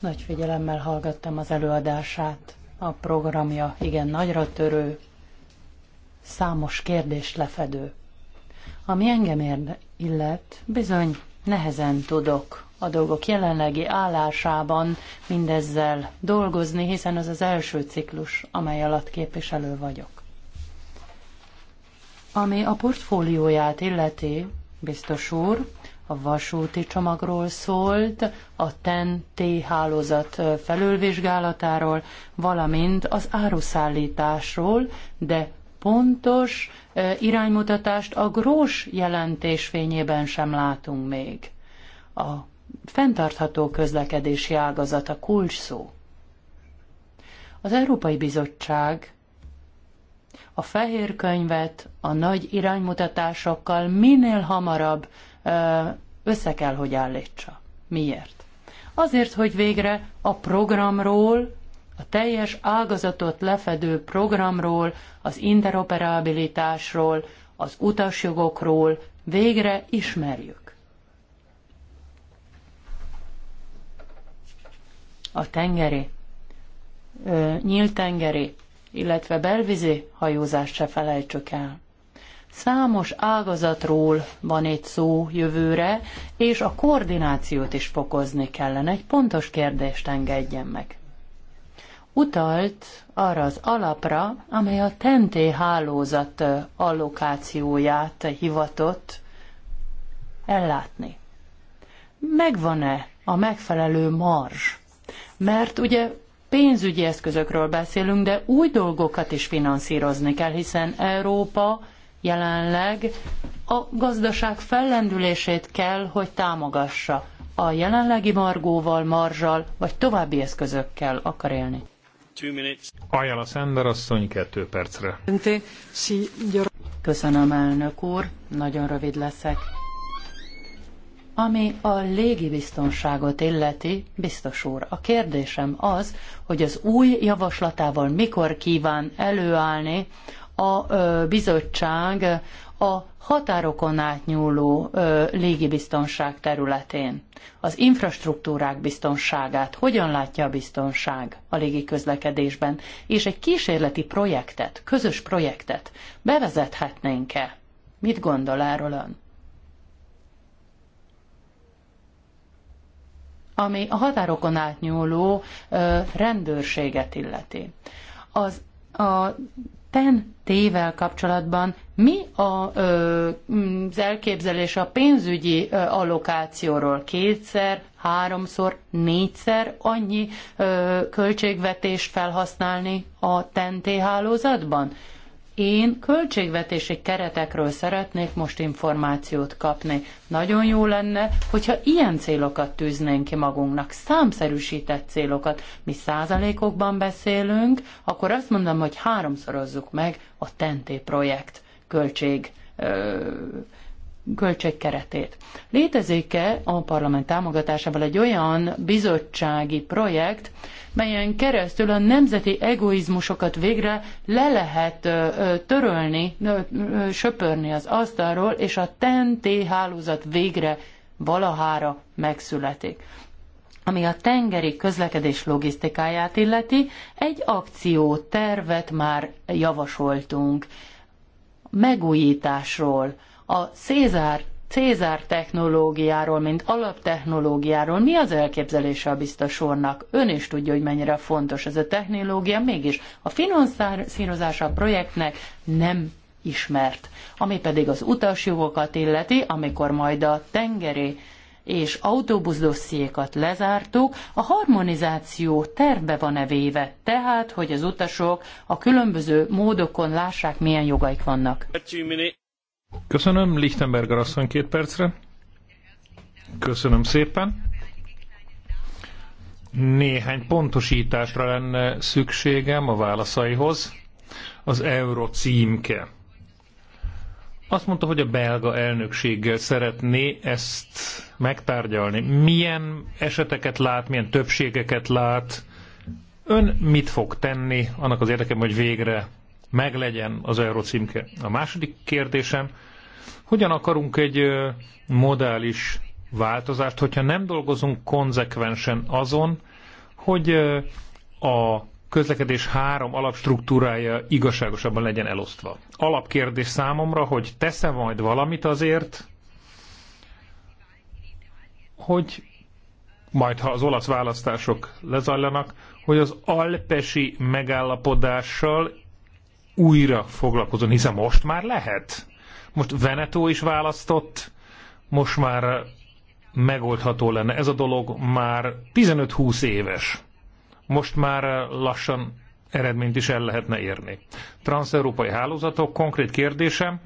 Speaker 3: Nagy figyelemmel hallgattam az előadását. A programja igen nagyra törő, számos kérdést lefedő. Ami engem érde, illet, bizony nehezen tudok a dolgok jelenlegi állásában mindezzel dolgozni, hiszen az az első ciklus, amely alatt képviselő vagyok. Ami a portfólióját illeti, biztos úr, a vasúti csomagról szólt, a TEN-T e hálózat felülvizsgálatáról, valamint az áruszállításról, de pontos iránymutatást a grós jelentés fényében sem látunk még. A fenntartható közlekedési ágazat a kulcs szó. Az Európai Bizottság a fehér könyvet a nagy iránymutatásokkal minél hamarabb össze kell, hogy állítsa. Miért? Azért, hogy végre a programról a teljes ágazatot lefedő programról, az interoperabilitásról, az utasjogokról végre ismerjük. A tengeri, ö, tengeri, illetve belvizi hajózást se felejtsük el. Számos ágazatról van itt szó jövőre, és a koordinációt is fokozni kellene. Egy pontos kérdést engedjen meg utalt arra az alapra, amely a tenté hálózat allokációját hivatott ellátni. Megvan-e a megfelelő marzs? Mert ugye pénzügyi eszközökről beszélünk, de új dolgokat is finanszírozni kell, hiszen Európa jelenleg a gazdaság fellendülését kell, hogy támogassa. A jelenlegi margóval, marzsal vagy további eszközökkel akar élni.
Speaker 2: Ajánl a Szender asszony kettő percre.
Speaker 3: Köszönöm, elnök úr. Nagyon rövid leszek. Ami a légibiztonságot illeti, biztos úr, a kérdésem az, hogy az új javaslatával mikor kíván előállni a bizottság a határokon átnyúló ö, légibiztonság területén. Az infrastruktúrák biztonságát hogyan látja a biztonság a légiközlekedésben, és egy kísérleti projektet, közös projektet bevezethetnénk-e? Mit gondol erről ön? Ami a határokon átnyúló ö, rendőrséget illeti. Az a ten tével kapcsolatban mi a, az elképzelés a pénzügyi allokációról? Kétszer, háromszor, négyszer annyi költségvetést felhasználni a TEN-T hálózatban? Én költségvetési keretekről szeretnék most információt kapni. Nagyon jó lenne, hogyha ilyen célokat tűznénk ki magunknak, számszerűsített célokat. Mi százalékokban beszélünk, akkor azt mondom, hogy háromszorozzuk meg a TENTÉ e projekt költség ö, költségkeretét. Létezik-e a parlament támogatásával egy olyan bizottsági projekt, melyen keresztül a nemzeti egoizmusokat végre le lehet törölni, söpörni az asztalról, és a TNT hálózat végre valahára megszületik ami a tengeri közlekedés logisztikáját illeti, egy tervet már javasoltunk. Megújításról, a Cézár, Cézár technológiáról, mint alaptechnológiáról mi az elképzelése a biztos úrnak? Ön is tudja, hogy mennyire fontos ez a technológia, mégis a finanszírozása a projektnek nem ismert. Ami pedig az utasjogokat illeti, amikor majd a tengeri és autóbusz dossziékat lezártuk, a harmonizáció terve van-e véve, tehát, hogy az utasok a különböző módokon lássák, milyen jogaik vannak.
Speaker 2: Köszönöm, Lichtenberger asszony két percre. Köszönöm szépen. Néhány pontosításra lenne szükségem a válaszaihoz. Az euro címke. Azt mondta, hogy a belga elnökséggel szeretné ezt megtárgyalni. Milyen eseteket lát, milyen többségeket lát? Ön mit fog tenni annak az érdekében, hogy végre meglegyen az euró címke. A második kérdésem, hogyan akarunk egy modális változást, hogyha nem dolgozunk konzekvensen azon, hogy a közlekedés három alapstruktúrája igazságosabban legyen elosztva. Alapkérdés számomra, hogy tesz-e majd valamit azért, hogy majd ha az olasz választások lezajlanak, hogy az alpesi megállapodással újra foglalkozom, hiszen most már lehet. Most Veneto is választott, most már megoldható lenne. Ez a dolog már 15-20 éves. Most már lassan eredményt is el lehetne érni. Transeurópai hálózatok, konkrét kérdésem,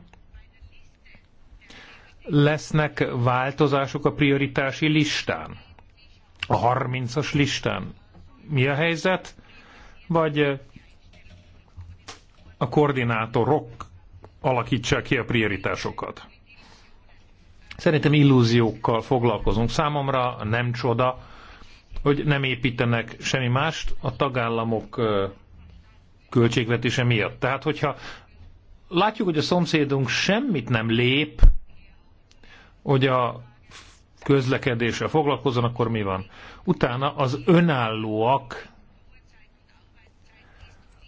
Speaker 2: lesznek változások a prioritási listán? A 30-as listán? Mi a helyzet? Vagy a koordinátorok alakítsák ki a prioritásokat. Szerintem illúziókkal foglalkozunk. Számomra nem csoda, hogy nem építenek semmi mást a tagállamok költségvetése miatt. Tehát, hogyha látjuk, hogy a szomszédunk semmit nem lép, hogy a közlekedéssel foglalkozon, akkor mi van? Utána az önállóak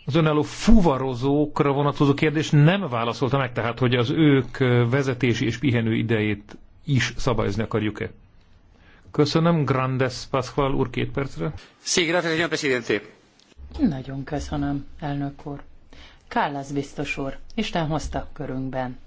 Speaker 2: az önálló fuvarozókra vonatkozó kérdés nem válaszolta meg, tehát hogy az ők vezetési és pihenő idejét is szabályozni akarjuk-e. Köszönöm, Grandes Pascual úr, két percre. Sí, gracias, señor presidente.
Speaker 3: Nagyon köszönöm, elnök úr. Kállász biztos úr, Isten hozta körünkben.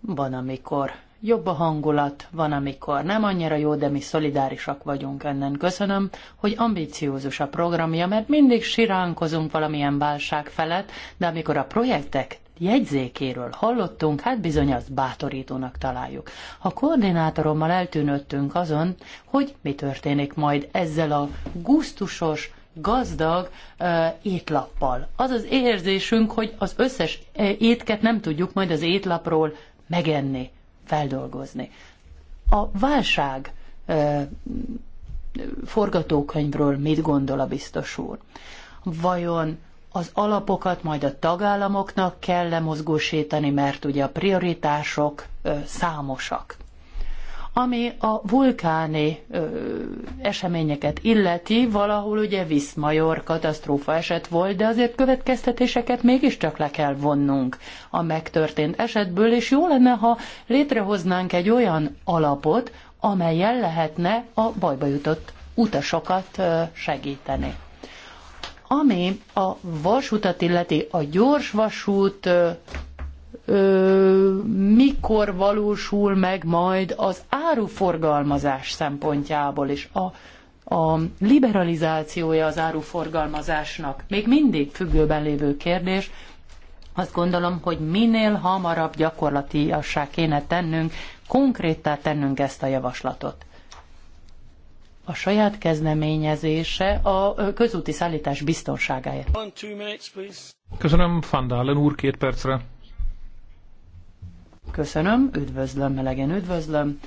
Speaker 3: Van, amikor jobb a hangulat van, amikor nem annyira jó, de mi szolidárisak vagyunk ennen. Köszönöm, hogy ambiciózus a programja, mert mindig siránkozunk valamilyen válság felett, de amikor a projektek jegyzékéről hallottunk, hát bizony az bátorítónak találjuk. A koordinátorommal eltűnöttünk azon, hogy mi történik majd ezzel a gusztusos, gazdag uh, étlappal. Az az érzésünk, hogy az összes étket nem tudjuk majd az étlapról megenni feldolgozni. A válság forgatókönyvről mit gondol a biztos úr? Vajon az alapokat majd a tagállamoknak kell lemozgósítani, mert ugye a prioritások ö, számosak. Ami a vulkáni ö, eseményeket illeti, valahol ugye Viszmajor katasztrófa eset volt, de azért következtetéseket mégiscsak le kell vonnunk a megtörtént esetből, és jó lenne, ha létrehoznánk egy olyan alapot, amelyen lehetne a bajba jutott utasokat segíteni. Ami a vasutat illeti, a gyors vasút mikor valósul meg majd az áruforgalmazás szempontjából is a, a liberalizációja az áruforgalmazásnak. Még mindig függőben lévő kérdés, azt gondolom, hogy minél hamarabb gyakorlatiassá kéne tennünk, konkréttá tennünk ezt a javaslatot. A saját kezdeményezése a közúti szállítás biztonságáért.
Speaker 2: Köszönöm, Fandalen úr, két percre.
Speaker 3: Köszönöm, üdvözlöm, melegen üdvözlöm.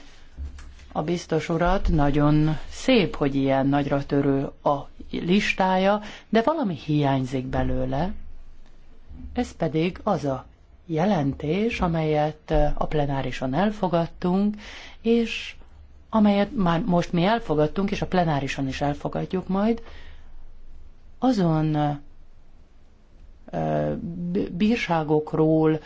Speaker 3: A biztos urat nagyon szép, hogy ilyen nagyra törő a listája, de valami hiányzik belőle. Ez pedig az a jelentés, amelyet a plenárison elfogadtunk, és amelyet már most mi elfogadtunk, és a plenárison is elfogadjuk majd, azon bírságokról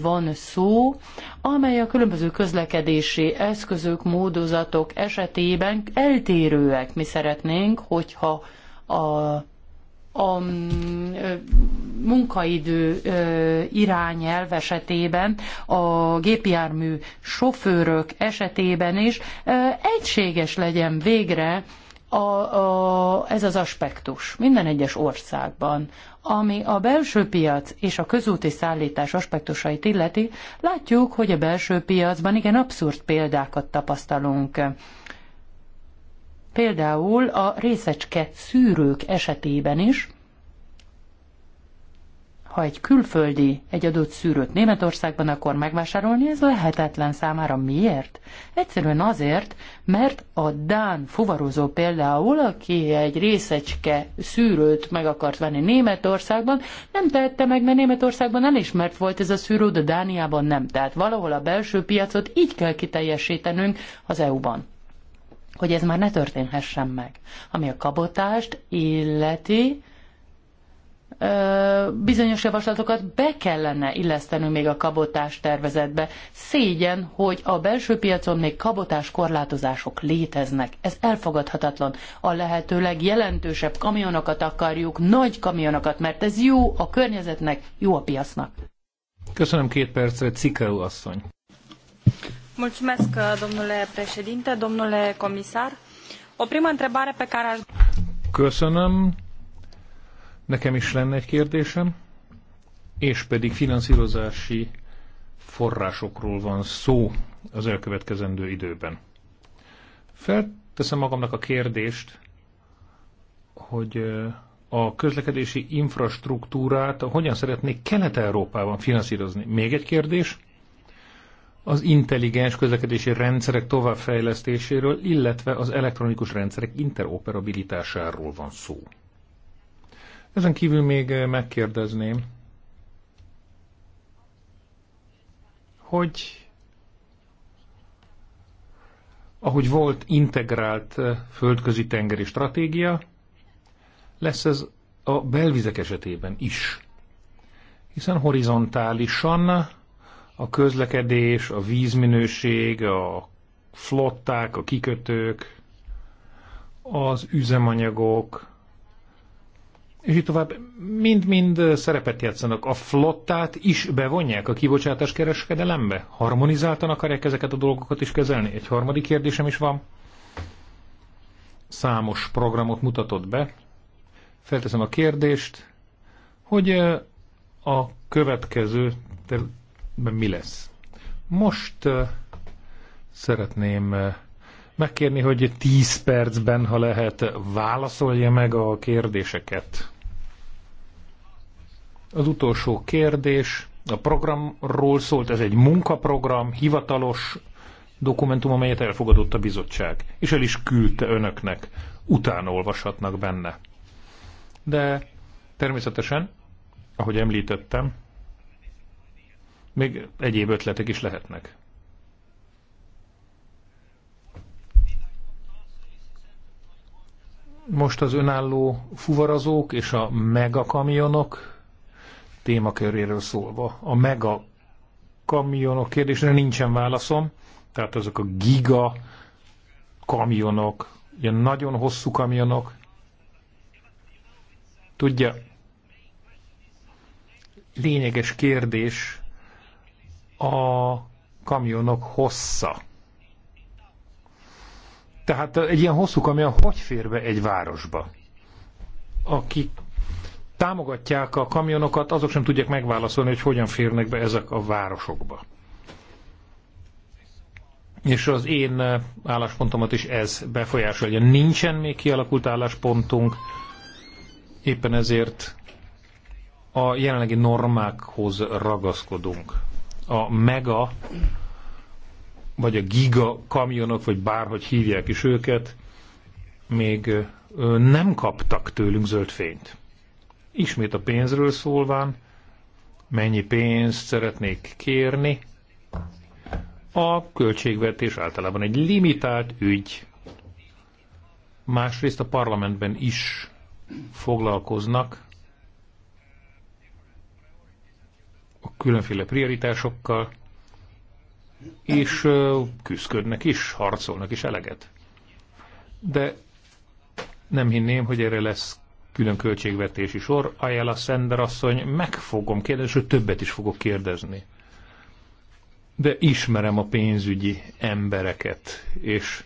Speaker 3: van szó, amely a különböző közlekedési eszközök, módozatok esetében eltérőek. Mi szeretnénk, hogyha a a munkaidő irányelv esetében, a gépjármű sofőrök esetében is egységes legyen végre a, a, ez az aspektus minden egyes országban, ami a belső piac és a közúti szállítás aspektusait illeti, látjuk, hogy a belső piacban igen abszurd példákat tapasztalunk. Például a részecske szűrők esetében is, ha egy külföldi egy adott szűrőt Németországban akar megvásárolni, ez lehetetlen számára. Miért? Egyszerűen azért, mert a Dán fuvarozó például, aki egy részecske szűrőt meg akart venni Németországban, nem tehette meg, mert Németországban ismert volt ez a szűrő, de Dániában nem. Tehát valahol a belső piacot így kell kiteljesítenünk az EU-ban hogy ez már ne történhessen meg. Ami a kabotást illeti, bizonyos javaslatokat be kellene illesztenünk még a kabotás tervezetbe. Szégyen, hogy a belső piacon még kabotás korlátozások léteznek. Ez elfogadhatatlan. A lehetőleg jelentősebb kamionokat akarjuk, nagy kamionokat, mert ez jó a környezetnek, jó a piacnak.
Speaker 2: Köszönöm két percre, Cikeu asszony.
Speaker 3: Mulțumesc, domnule președinte, domnule comisar. O primă întrebare pe care aș...
Speaker 2: Köszönöm, Nekem is lenne egy kérdésem, és pedig finanszírozási forrásokról van szó az elkövetkezendő időben. Felteszem magamnak a kérdést, hogy a közlekedési infrastruktúrát hogyan szeretnék Kelet-Európában finanszírozni. Még egy kérdés, az intelligens közlekedési rendszerek továbbfejlesztéséről, illetve az elektronikus rendszerek interoperabilitásáról van szó. Ezen kívül még eh, megkérdezném, hogy ahogy volt integrált eh, földközi tengeri stratégia, lesz ez a belvizek esetében is. Hiszen horizontálisan a közlekedés, a vízminőség, a flották, a kikötők, az üzemanyagok, és így tovább mind-mind szerepet játszanak. A flottát is bevonják a kibocsátás kereskedelembe? Harmonizáltan akarják ezeket a dolgokat is kezelni? Egy harmadik kérdésem is van. Számos programot mutatott be. Felteszem a kérdést, hogy a következő mi lesz. Most szeretném megkérni, hogy 10 percben, ha lehet, válaszolja meg a kérdéseket. Az utolsó kérdés a programról szólt, ez egy munkaprogram, hivatalos dokumentum, amelyet elfogadott a bizottság, és el is küldte önöknek. Utána olvashatnak benne. De természetesen, ahogy említettem, még egyéb ötletek is lehetnek. Most az önálló fuvarazók és a megakamionok témaköréről szólva. A megakamionok kérdésre nincsen válaszom, tehát azok a giga kamionok, ilyen nagyon hosszú kamionok. Tudja, lényeges kérdés a kamionok hossza. Tehát egy ilyen hosszú kamion hogy fér be egy városba? Akik támogatják a kamionokat, azok sem tudják megválaszolni, hogy hogyan férnek be ezek a városokba. És az én álláspontomat is ez befolyásolja. Nincsen még kialakult álláspontunk, éppen ezért a jelenlegi normákhoz ragaszkodunk. A mega vagy a giga kamionok, vagy bárhogy hívják is őket, még nem kaptak tőlünk zöld fényt. Ismét a pénzről szólván, mennyi pénzt szeretnék kérni. A költségvetés általában egy limitált ügy. Másrészt a parlamentben is foglalkoznak a különféle prioritásokkal, és küzdködnek is, harcolnak is eleget. De nem hinném, hogy erre lesz külön költségvetési sor. Ajala Szender asszony, meg fogom kérdezni, sőt többet is fogok kérdezni. De ismerem a pénzügyi embereket, és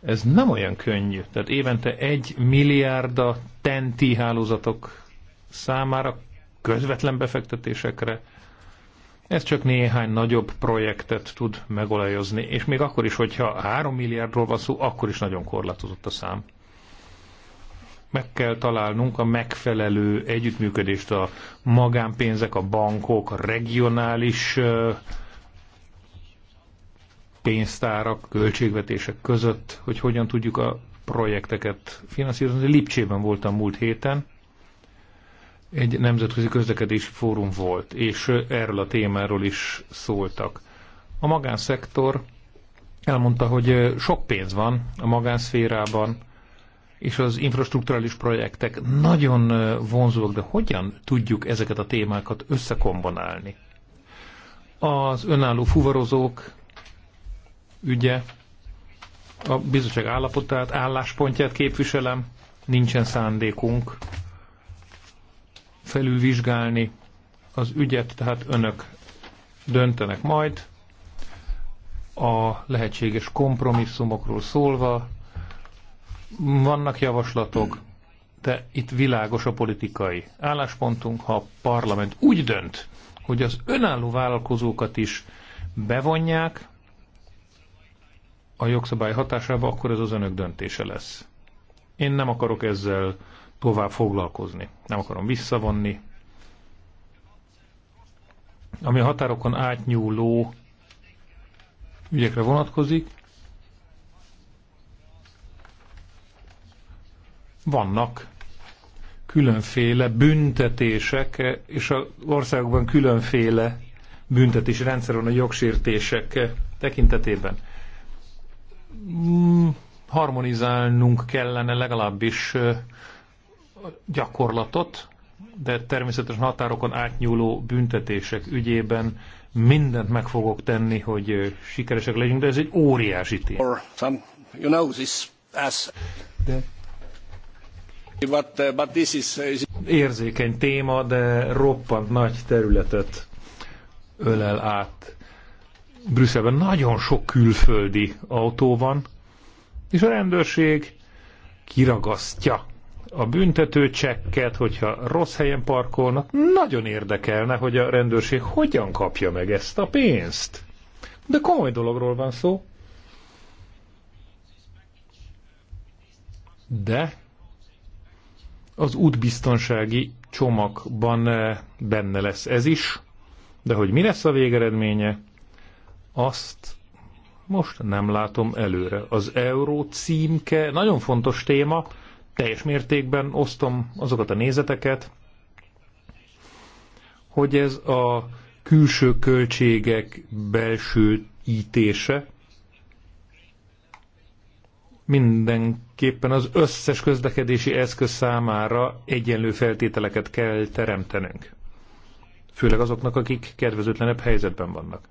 Speaker 2: ez nem olyan könnyű. Tehát évente egy milliárda tenti hálózatok számára közvetlen befektetésekre, ez csak néhány nagyobb projektet tud megolajozni, és még akkor is, hogyha 3 milliárdról van szó, akkor is nagyon korlátozott a szám. Meg kell találnunk a megfelelő együttműködést a magánpénzek, a bankok, a regionális pénztárak, költségvetések között, hogy hogyan tudjuk a projekteket finanszírozni. Lipcsében voltam múlt héten, egy nemzetközi közlekedési fórum volt, és erről a témáról is szóltak. A magánszektor elmondta, hogy sok pénz van a magánszférában, és az infrastruktúrális projektek nagyon vonzóak, de hogyan tudjuk ezeket a témákat összekombinálni? Az önálló fuvarozók ügye, a bizottság állapotát, álláspontját képviselem, nincsen szándékunk felülvizsgálni az ügyet, tehát önök döntenek majd a lehetséges kompromisszumokról szólva. Vannak javaslatok, de itt világos a politikai álláspontunk, ha a parlament úgy dönt, hogy az önálló vállalkozókat is bevonják a jogszabály hatásába, akkor ez az önök döntése lesz. Én nem akarok ezzel tovább foglalkozni. Nem akarom visszavonni. Ami a határokon átnyúló ügyekre vonatkozik, vannak különféle büntetések, és az országokban különféle büntetési rendszer van a jogsértések tekintetében. Mm, harmonizálnunk kellene legalábbis gyakorlatot, de természetesen határokon átnyúló büntetések ügyében mindent meg fogok tenni, hogy sikeresek legyünk, de ez egy óriási tény.
Speaker 1: Uh, uh,
Speaker 2: érzékeny téma, de roppant nagy területet ölel át. Brüsszelben nagyon sok külföldi autó van, és a rendőrség kiragasztja a büntető csekket, hogyha rossz helyen parkolnak, nagyon érdekelne, hogy a rendőrség hogyan kapja meg ezt a pénzt. De komoly dologról van szó. De az útbiztonsági csomagban eh, benne lesz ez is, de hogy mi lesz a végeredménye, azt most nem látom előre. Az euró címke nagyon fontos téma, teljes mértékben osztom azokat a nézeteket, hogy ez a külső költségek belső ítése mindenképpen az összes közlekedési eszköz számára egyenlő feltételeket kell teremtenünk. Főleg azoknak, akik kedvezőtlenebb helyzetben vannak.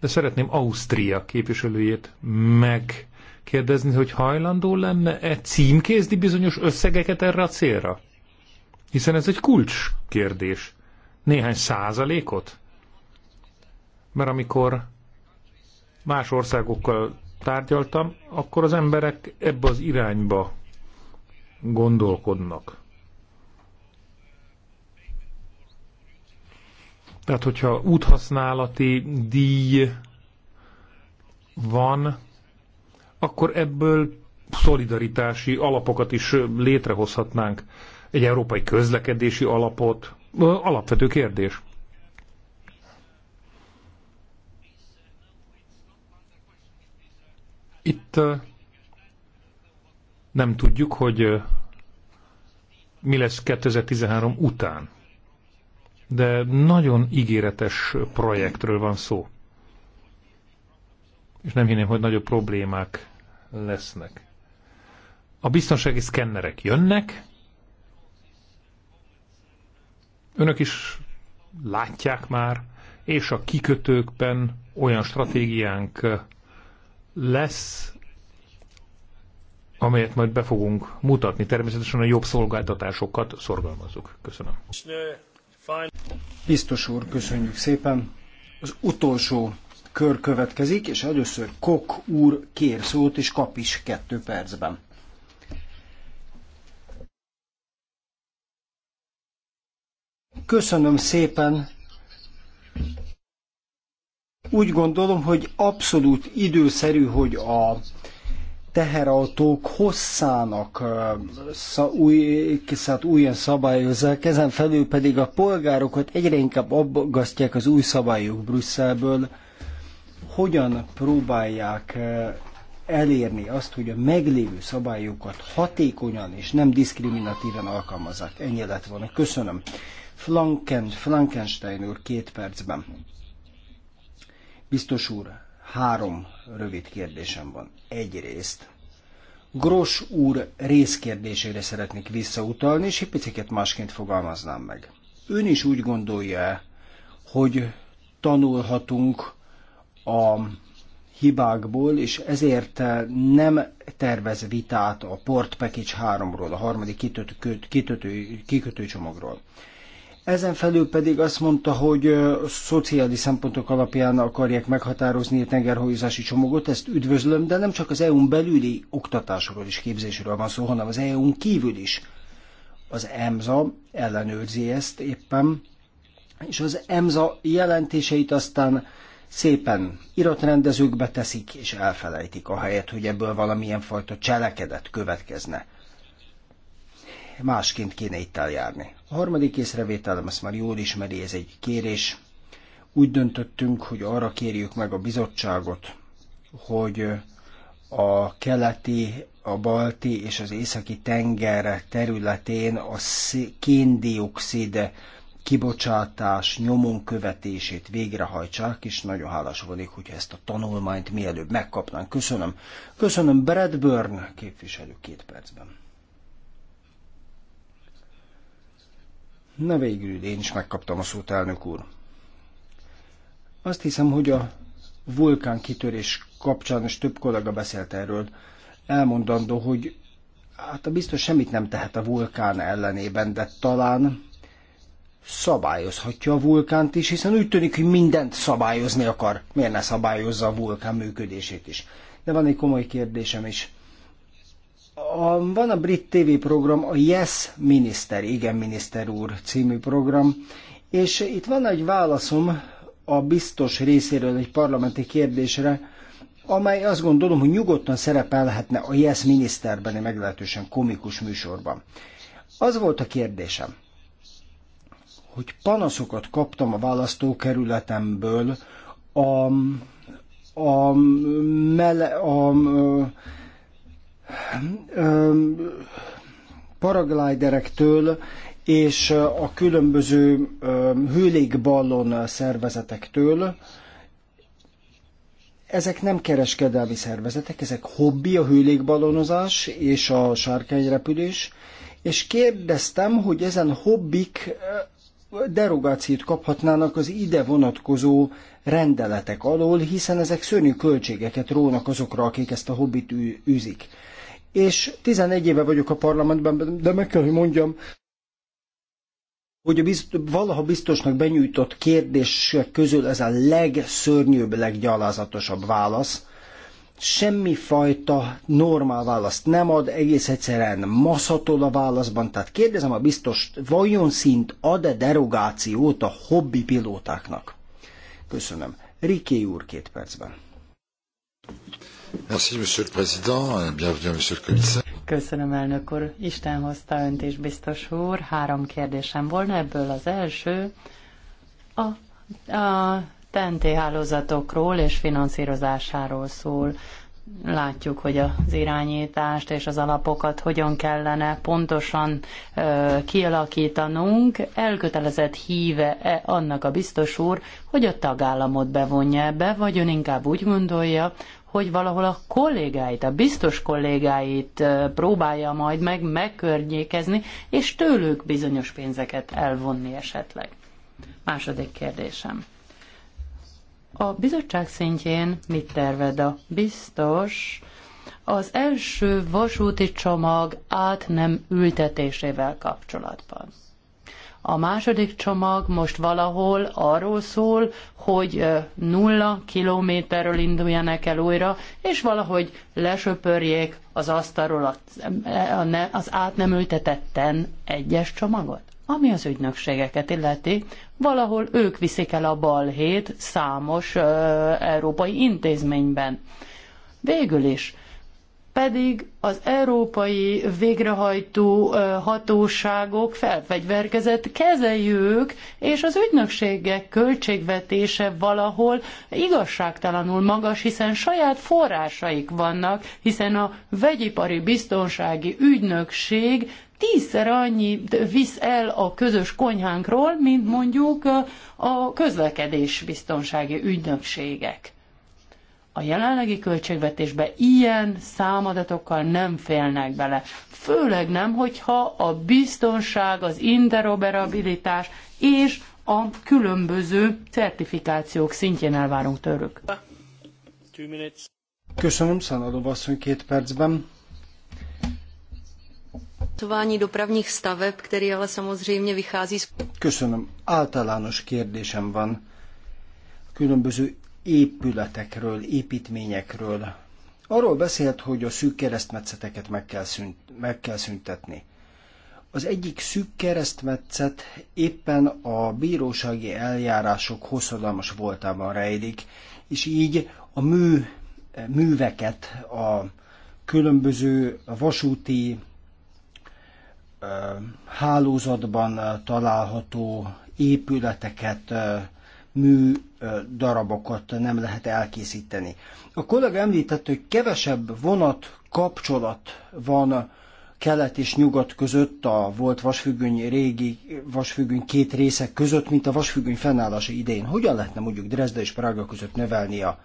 Speaker 2: De szeretném Ausztria képviselőjét meg Kérdezni, hogy hajlandó lenne-e címkézni bizonyos összegeket erre a célra? Hiszen ez egy kulcs kérdés. Néhány százalékot? Mert amikor más országokkal tárgyaltam, akkor az emberek ebbe az irányba gondolkodnak. Tehát, hogyha úthasználati díj van, akkor ebből szolidaritási alapokat is létrehozhatnánk. Egy európai közlekedési alapot. Alapvető kérdés. Itt nem tudjuk, hogy mi lesz 2013 után. De nagyon ígéretes projektről van szó. És nem hinném, hogy nagyobb problémák lesznek. A biztonsági szkennerek jönnek, önök is látják már, és a kikötőkben olyan stratégiánk lesz, amelyet majd be fogunk mutatni. Természetesen a jobb szolgáltatásokat szorgalmazzuk. Köszönöm.
Speaker 1: Biztos úr, köszönjük szépen. Az utolsó kör következik, és először Kok úr kér szót, és kap is kettő percben. Köszönöm szépen. Úgy gondolom, hogy abszolút időszerű, hogy a teherautók hosszának új, hát újjön szabályozzák, ezen felül pedig a polgárokat egyre inkább aggasztják az új szabályok Brüsszelből, hogyan próbálják eh, elérni azt, hogy a meglévő szabályokat hatékonyan és nem diszkriminatívan alkalmazzák. Ennyi lett volna. Köszönöm. Flanken, Frankenstein úr két percben. Biztos úr, három rövid kérdésem van. Egyrészt, Gros úr részkérdésére szeretnék visszautalni, és egy picit másként fogalmaznám meg. Ön is úgy gondolja, hogy tanulhatunk a hibákból, és ezért nem tervez vitát a Port Package 3-ról, a harmadik kitötő, kitötő, kikötőcsomagról. Ezen felül pedig azt mondta, hogy szociális szempontok alapján akarják meghatározni a tengerhajózási csomagot, ezt üdvözlöm, de nem csak az EU-n belüli oktatásról és képzésről van szó, hanem az EU-n kívül is. Az EMSA ellenőrzi ezt éppen, és az EMSA jelentéseit aztán szépen iratrendezőkbe teszik, és elfelejtik, a helyet, hogy ebből valamilyen fajta cselekedet következne. Másként kéne itt eljárni. A harmadik észrevételem, ezt már jól ismeri, ez egy kérés. Úgy döntöttünk, hogy arra kérjük meg a bizottságot, hogy a keleti, a balti és az északi tenger területén a széndiokszid kibocsátás nyomon követését végrehajtsák, és nagyon hálás vagyok, hogyha ezt a tanulmányt mielőbb megkapnánk. Köszönöm. Köszönöm Bradburn, képviselő két percben. Na végül én is megkaptam a szót, elnök úr. Azt hiszem, hogy a vulkán kitörés kapcsán, és több kollega beszélt erről, elmondandó, hogy hát a biztos semmit nem tehet a vulkán ellenében, de talán szabályozhatja a vulkánt is, hiszen úgy tűnik, hogy mindent szabályozni akar. Miért ne szabályozza a vulkán működését is? De van egy komoly kérdésem is. A, van a brit TV program a Yes Minister igen miniszter úr című program, és itt van egy válaszom a biztos részéről egy parlamenti kérdésre, amely azt gondolom, hogy nyugodtan szerepelhetne a Yes Miniszterben egy meglehetősen komikus műsorban. Az volt a kérdésem, hogy panaszokat kaptam a választókerületemből a, a, mele, a, a, a paragliderektől és a különböző hőlékballon szervezetektől. Ezek nem kereskedelmi szervezetek, ezek hobbi, a hőlékballonozás és a sárkányrepülés, és kérdeztem, hogy ezen hobbik derogációt kaphatnának az ide vonatkozó rendeletek alól, hiszen ezek szörnyű költségeket rónak azokra, akik ezt a hobbit űzik. És 11 éve vagyok a parlamentben, de meg kell, hogy mondjam, hogy a bizt, valaha biztosnak benyújtott kérdések közül ez a legszörnyűbb, leggyalázatosabb válasz, semmifajta normál választ nem ad, egész egyszerűen maszatol a válaszban. Tehát kérdezem a biztos, vajon szint ad-e derogációt a hobbi pilótáknak? Köszönöm. Riké úr két percben. Merci, monsieur le président.
Speaker 2: Bienvenue, monsieur le commissaire.
Speaker 3: Köszönöm, elnök úr. Isten hozta önt is, biztos úr. Három kérdésem volna ebből az első. A, a TNT hálózatokról és finanszírozásáról szól. Látjuk, hogy az irányítást és az alapokat hogyan kellene pontosan ö, kialakítanunk. Elkötelezett híve-e annak a biztos úr, hogy a tagállamot bevonja ebbe, vagy ön inkább úgy gondolja, hogy valahol a kollégáit, a biztos kollégáit próbálja majd meg megkörnyékezni, és tőlük bizonyos pénzeket elvonni esetleg. Második kérdésem. A bizottság szintjén mit terved a biztos? Az első vasúti csomag át nem ültetésével kapcsolatban. A második csomag most valahol arról szól, hogy nulla kilométerről induljanak el újra, és valahogy lesöpörjék az asztalról az át nem ültetetten egyes csomagot. Ami az ügynökségeket illeti, valahol ők viszik el a balhét számos ö, európai intézményben. Végül is pedig az európai végrehajtó hatóságok felfegyverkezett kezeljük, és az ügynökségek költségvetése valahol igazságtalanul magas, hiszen saját forrásaik vannak, hiszen a vegyipari biztonsági ügynökség tízszer annyi visz el a közös konyhánkról, mint mondjuk a közlekedés biztonsági ügynökségek. A jelenlegi költségvetésbe ilyen számadatokkal nem félnek bele. Főleg nem, hogyha a biztonság, az interoperabilitás és a különböző certifikációk szintjén elvárunk tőlük.
Speaker 1: Köszönöm, Szanadó asszony két percben
Speaker 3: financování dopravních staveb, který ale samozřejmě vychází z...
Speaker 1: Köszönöm. Általános kérdésem van különböző épületekről, építményekről. Arról beszélt, hogy a szűk keresztmetszeteket meg kell, szünt, meg kell szüntetni. Az egyik szűk keresztmetszet éppen a bírósági eljárások hosszadalmas voltában rejlik, és így a mű, műveket, a különböző vasúti hálózatban található épületeket, mű darabokat nem lehet elkészíteni. A kollega említette, hogy kevesebb vonat kapcsolat van kelet és nyugat között, a volt vasfüggöny régi vasfüggöny két része között, mint a vasfüggöny fennállása idején. Hogyan lehetne mondjuk Dresda és Prága között növelni a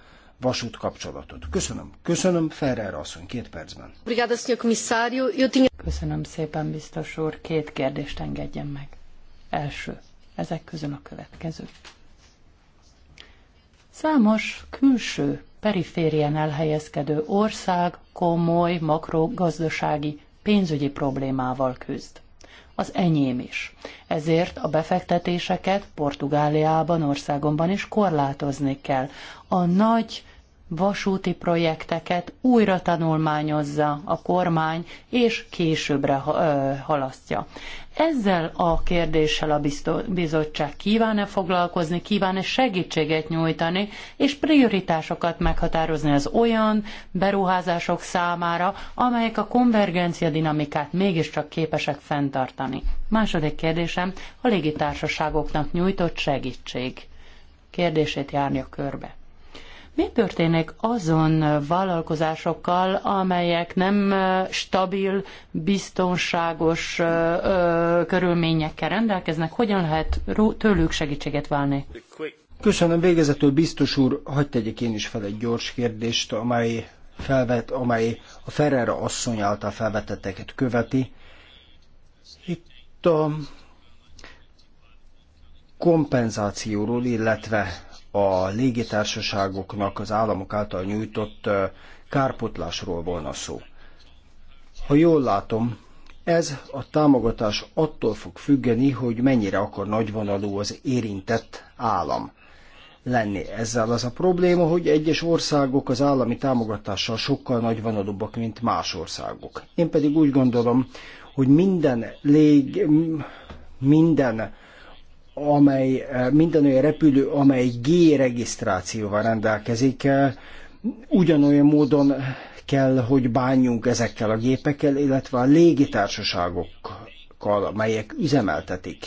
Speaker 1: vasút kapcsolatot. Köszönöm. Köszönöm, Ferrer asszony, két percben.
Speaker 3: Köszönöm szépen, biztos úr. Két kérdést engedjen meg. Első, ezek közül a következő. Számos külső periférien elhelyezkedő ország komoly makrogazdasági pénzügyi problémával küzd. Az enyém is. Ezért a befektetéseket Portugáliában, országomban is korlátozni kell. A nagy vasúti projekteket újra tanulmányozza a kormány, és későbbre halasztja. Ezzel a kérdéssel a bizottság kíván-e foglalkozni, kíván-e segítséget nyújtani, és prioritásokat meghatározni az olyan beruházások számára, amelyek a konvergencia dinamikát mégiscsak képesek fenntartani. Második kérdésem a légitársaságoknak nyújtott segítség. Kérdését járja körbe. Mi történik azon vállalkozásokkal, amelyek nem stabil, biztonságos körülményekkel rendelkeznek? Hogyan lehet tőlük segítséget válni?
Speaker 1: Köszönöm végezetül, biztos úr, hagyd tegyek én is fel egy gyors kérdést, amely, felvet, amely a Ferrera asszony által felvetetteket követi. Itt a kompenzációról, illetve a légitársaságoknak az államok által nyújtott kárpotlásról volna szó. Ha jól látom, ez a támogatás attól fog függeni, hogy mennyire akar nagyvonalú az érintett állam lenni. Ezzel az a probléma, hogy egyes országok az állami támogatással sokkal nagyvonalúbbak, mint más országok. Én pedig úgy gondolom, hogy minden lég, minden amely eh, minden olyan repülő, amely G regisztrációval rendelkezik, eh, ugyanolyan módon kell, hogy bánjunk ezekkel a gépekkel, illetve a légitársaságokkal, amelyek üzemeltetik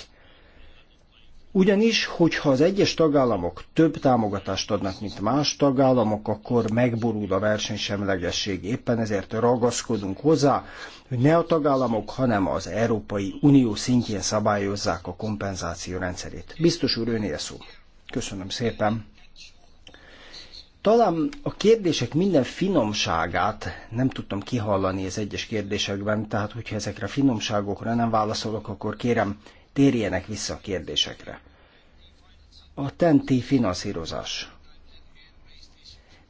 Speaker 1: ugyanis, hogyha az egyes tagállamok több támogatást adnak, mint más tagállamok, akkor megborul a versenysemlegesség. Éppen ezért ragaszkodunk hozzá, hogy ne a tagállamok, hanem az Európai Unió szintjén szabályozzák a kompenzáció rendszerét. Biztos úr, önél szó. Köszönöm szépen. Talán a kérdések minden finomságát nem tudtam kihallani az egyes kérdésekben, tehát hogyha ezekre a finomságokra nem válaszolok, akkor kérem térjenek vissza a kérdésekre. A tenti finanszírozás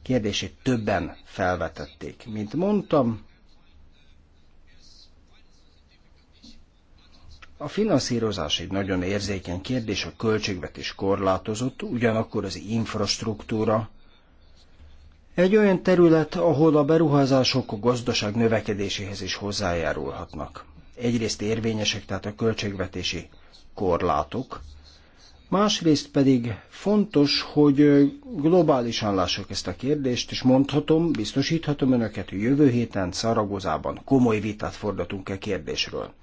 Speaker 1: kérdését többen felvetették. Mint mondtam, A finanszírozás egy nagyon érzékeny kérdés, a költségvetés korlátozott, ugyanakkor az infrastruktúra egy olyan terület, ahol a beruházások a gazdaság növekedéséhez is hozzájárulhatnak egyrészt érvényesek, tehát a költségvetési korlátok, másrészt pedig fontos, hogy globálisan lássuk ezt a kérdést, és mondhatom, biztosíthatom önöket, hogy jövő héten Szaragozában komoly vitát fordatunk e kérdésről.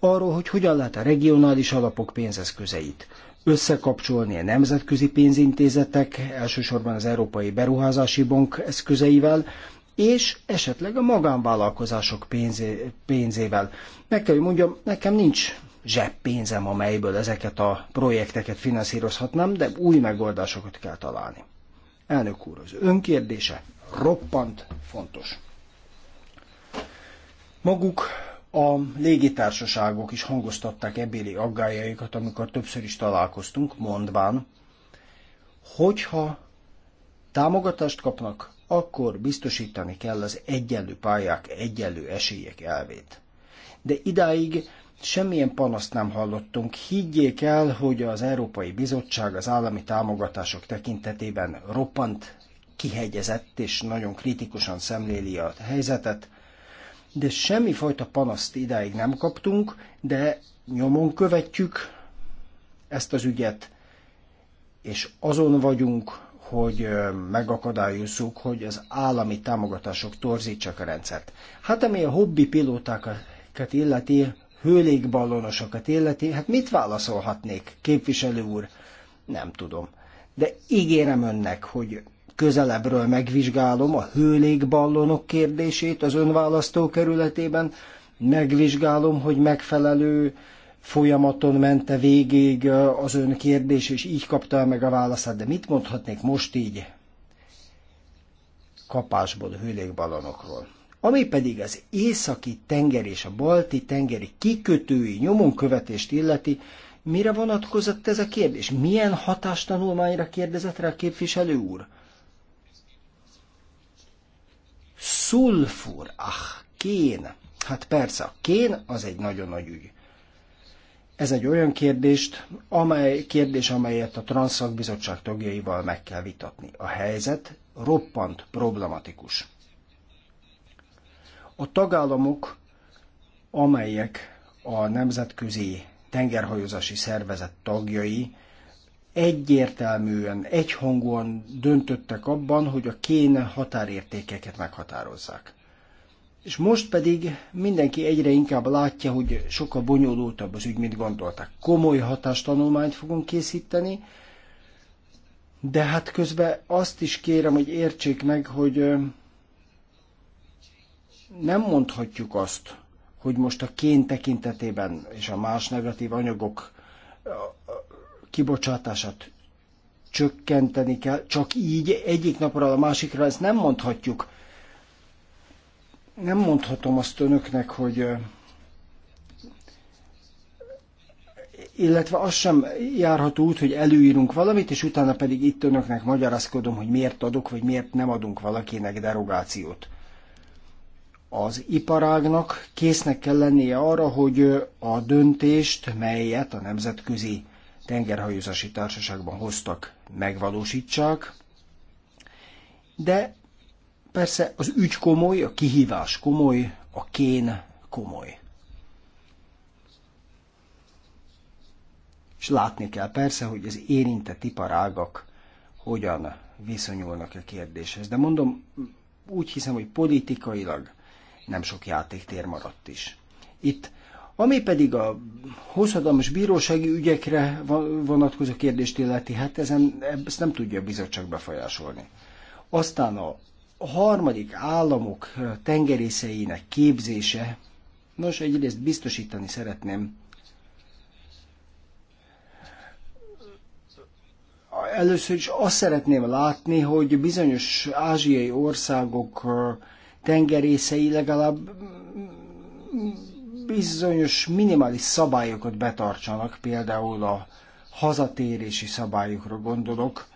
Speaker 1: Arról, hogy hogyan lehet a regionális alapok pénzeszközeit összekapcsolni a nemzetközi pénzintézetek, elsősorban az Európai Beruházási Bank eszközeivel, és esetleg a magánvállalkozások pénzé, pénzével. Meg kell, hogy mondjam, nekem nincs zseppénzem, amelyből ezeket a projekteket finanszírozhatnám, de új megoldásokat kell találni. Elnök úr, az önkérdése roppant fontos. Maguk a légitársaságok is hangoztatták ebéli aggájaikat, amikor többször is találkoztunk, mondván, hogyha támogatást kapnak, akkor biztosítani kell az egyenlő pályák, egyenlő esélyek elvét. De idáig semmilyen panaszt nem hallottunk. Higgyék el, hogy az Európai Bizottság az állami támogatások tekintetében roppant kihegyezett és nagyon kritikusan szemléli a helyzetet, de semmifajta panaszt idáig nem kaptunk, de nyomon követjük ezt az ügyet, és azon vagyunk, hogy megakadályozzuk, hogy az állami támogatások torzítsák a rendszert. Hát ami a hobbi pilótákat illeti, hőlégballonosokat illeti, hát mit válaszolhatnék, képviselő úr? Nem tudom. De ígérem önnek, hogy közelebbről megvizsgálom a hőlégballonok kérdését az önválasztó kerületében, megvizsgálom, hogy megfelelő folyamaton mente végig az ön kérdés, és így kapta meg a válaszát, de mit mondhatnék most így kapásból, hőlékbalonokról? Ami pedig az északi tenger és a balti tengeri kikötői nyomonkövetést illeti, mire vonatkozott ez a kérdés? Milyen hatástanulmányra kérdezett rá a képviselő úr? Szulfur, ah, kén. Hát persze, a kén az egy nagyon nagy ügy. Ez egy olyan kérdést, amely, kérdés, amelyet a Transzakbizottság tagjaival meg kell vitatni. A helyzet roppant problematikus. A tagállamok, amelyek a nemzetközi tengerhajózási szervezet tagjai, egyértelműen, egyhangúan döntöttek abban, hogy a kéne határértékeket meghatározzák. És most pedig mindenki egyre inkább látja, hogy sokkal bonyolultabb az ügy, mint gondolták. Komoly hatástanulmányt fogunk készíteni, de hát közben azt is kérem, hogy értsék meg, hogy nem mondhatjuk azt, hogy most a kén tekintetében és a más negatív anyagok kibocsátását csökkenteni kell, csak így egyik napról a másikra, ezt nem mondhatjuk nem mondhatom azt önöknek, hogy illetve az sem járható út, hogy előírunk valamit, és utána pedig itt önöknek magyarázkodom, hogy miért adok, vagy miért nem adunk valakinek derogációt. Az iparágnak késznek kell lennie arra, hogy a döntést, melyet a Nemzetközi Tengerhajózási Társaságban hoztak, megvalósítsák, de Persze az ügy komoly, a kihívás komoly, a kén komoly. És látni kell persze, hogy az érintett iparágak hogyan viszonyulnak a e kérdéshez. De mondom, úgy hiszem, hogy politikailag nem sok játéktér maradt is. Itt, ami pedig a hosszadalmas bírósági ügyekre vonatkozó kérdést illeti, hát ezen, ezt nem tudja a bizottság befolyásolni. Aztán a a harmadik államok tengerészeinek képzése, nos, egyrészt biztosítani szeretném, először is azt szeretném látni, hogy bizonyos ázsiai országok tengerészei legalább
Speaker 3: mm,
Speaker 1: bizonyos minimális szabályokat betartsanak, például a hazatérési szabályokra gondolok,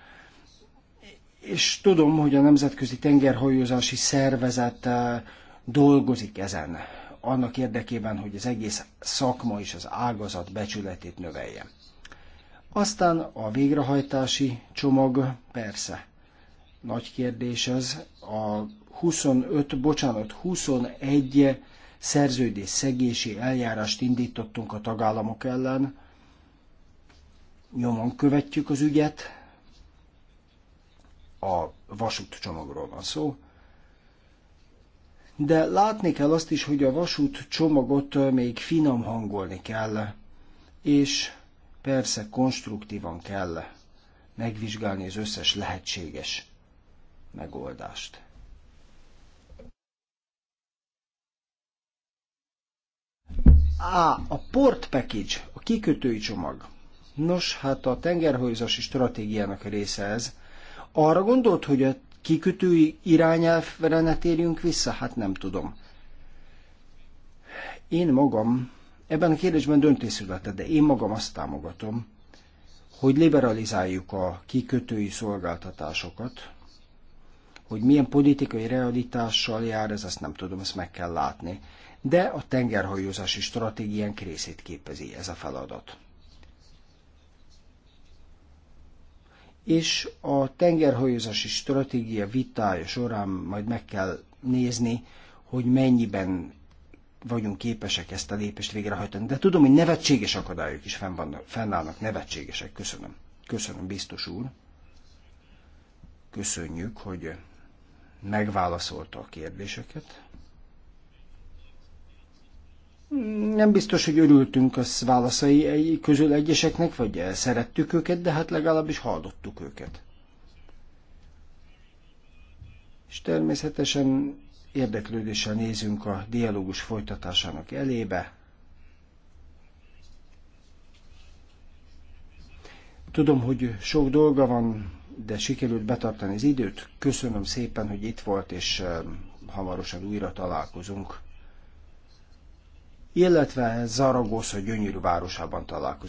Speaker 1: és tudom, hogy a Nemzetközi Tengerhajózási Szervezet eh, dolgozik ezen, annak érdekében, hogy az egész szakma és az ágazat becsületét növelje. Aztán a végrehajtási csomag, persze, nagy kérdés ez, a 25, bocsánat, 21 szerződés szegési eljárást indítottunk a tagállamok ellen, nyomon követjük az ügyet, a csomagról van szó, de látni kell azt is, hogy a vasút csomagot még finom hangolni kell, és persze konstruktívan kell megvizsgálni az összes lehetséges megoldást. Á, a port package, a kikötői csomag. Nos, hát a tengerhajózási stratégiának része ez, arra gondolt, hogy a kikötői irányelvre ne térjünk vissza? Hát nem tudom. Én magam, ebben a kérdésben döntés született, de én magam azt támogatom, hogy liberalizáljuk a kikötői szolgáltatásokat, hogy milyen politikai realitással jár, ez azt nem tudom, ezt meg kell látni. De a tengerhajózási stratégiánk részét képezi ez a feladat. és a tengerhajózási stratégia vitája során majd meg kell nézni, hogy mennyiben vagyunk képesek ezt a lépést végrehajtani. De tudom, hogy nevetséges akadályok is fenn vannak, fennállnak, nevetségesek. Köszönöm. Köszönöm, biztos úr. Köszönjük, hogy megválaszolta a kérdéseket nem biztos, hogy örültünk a válaszai közül egyeseknek, vagy szerettük őket, de hát legalábbis hallottuk őket. És természetesen érdeklődéssel nézünk a dialógus folytatásának elébe. Tudom, hogy sok dolga van, de sikerült betartani az időt. Köszönöm szépen, hogy itt volt, és um, hamarosan újra találkozunk illetve Zaragoza gyönyörű városában találkozunk.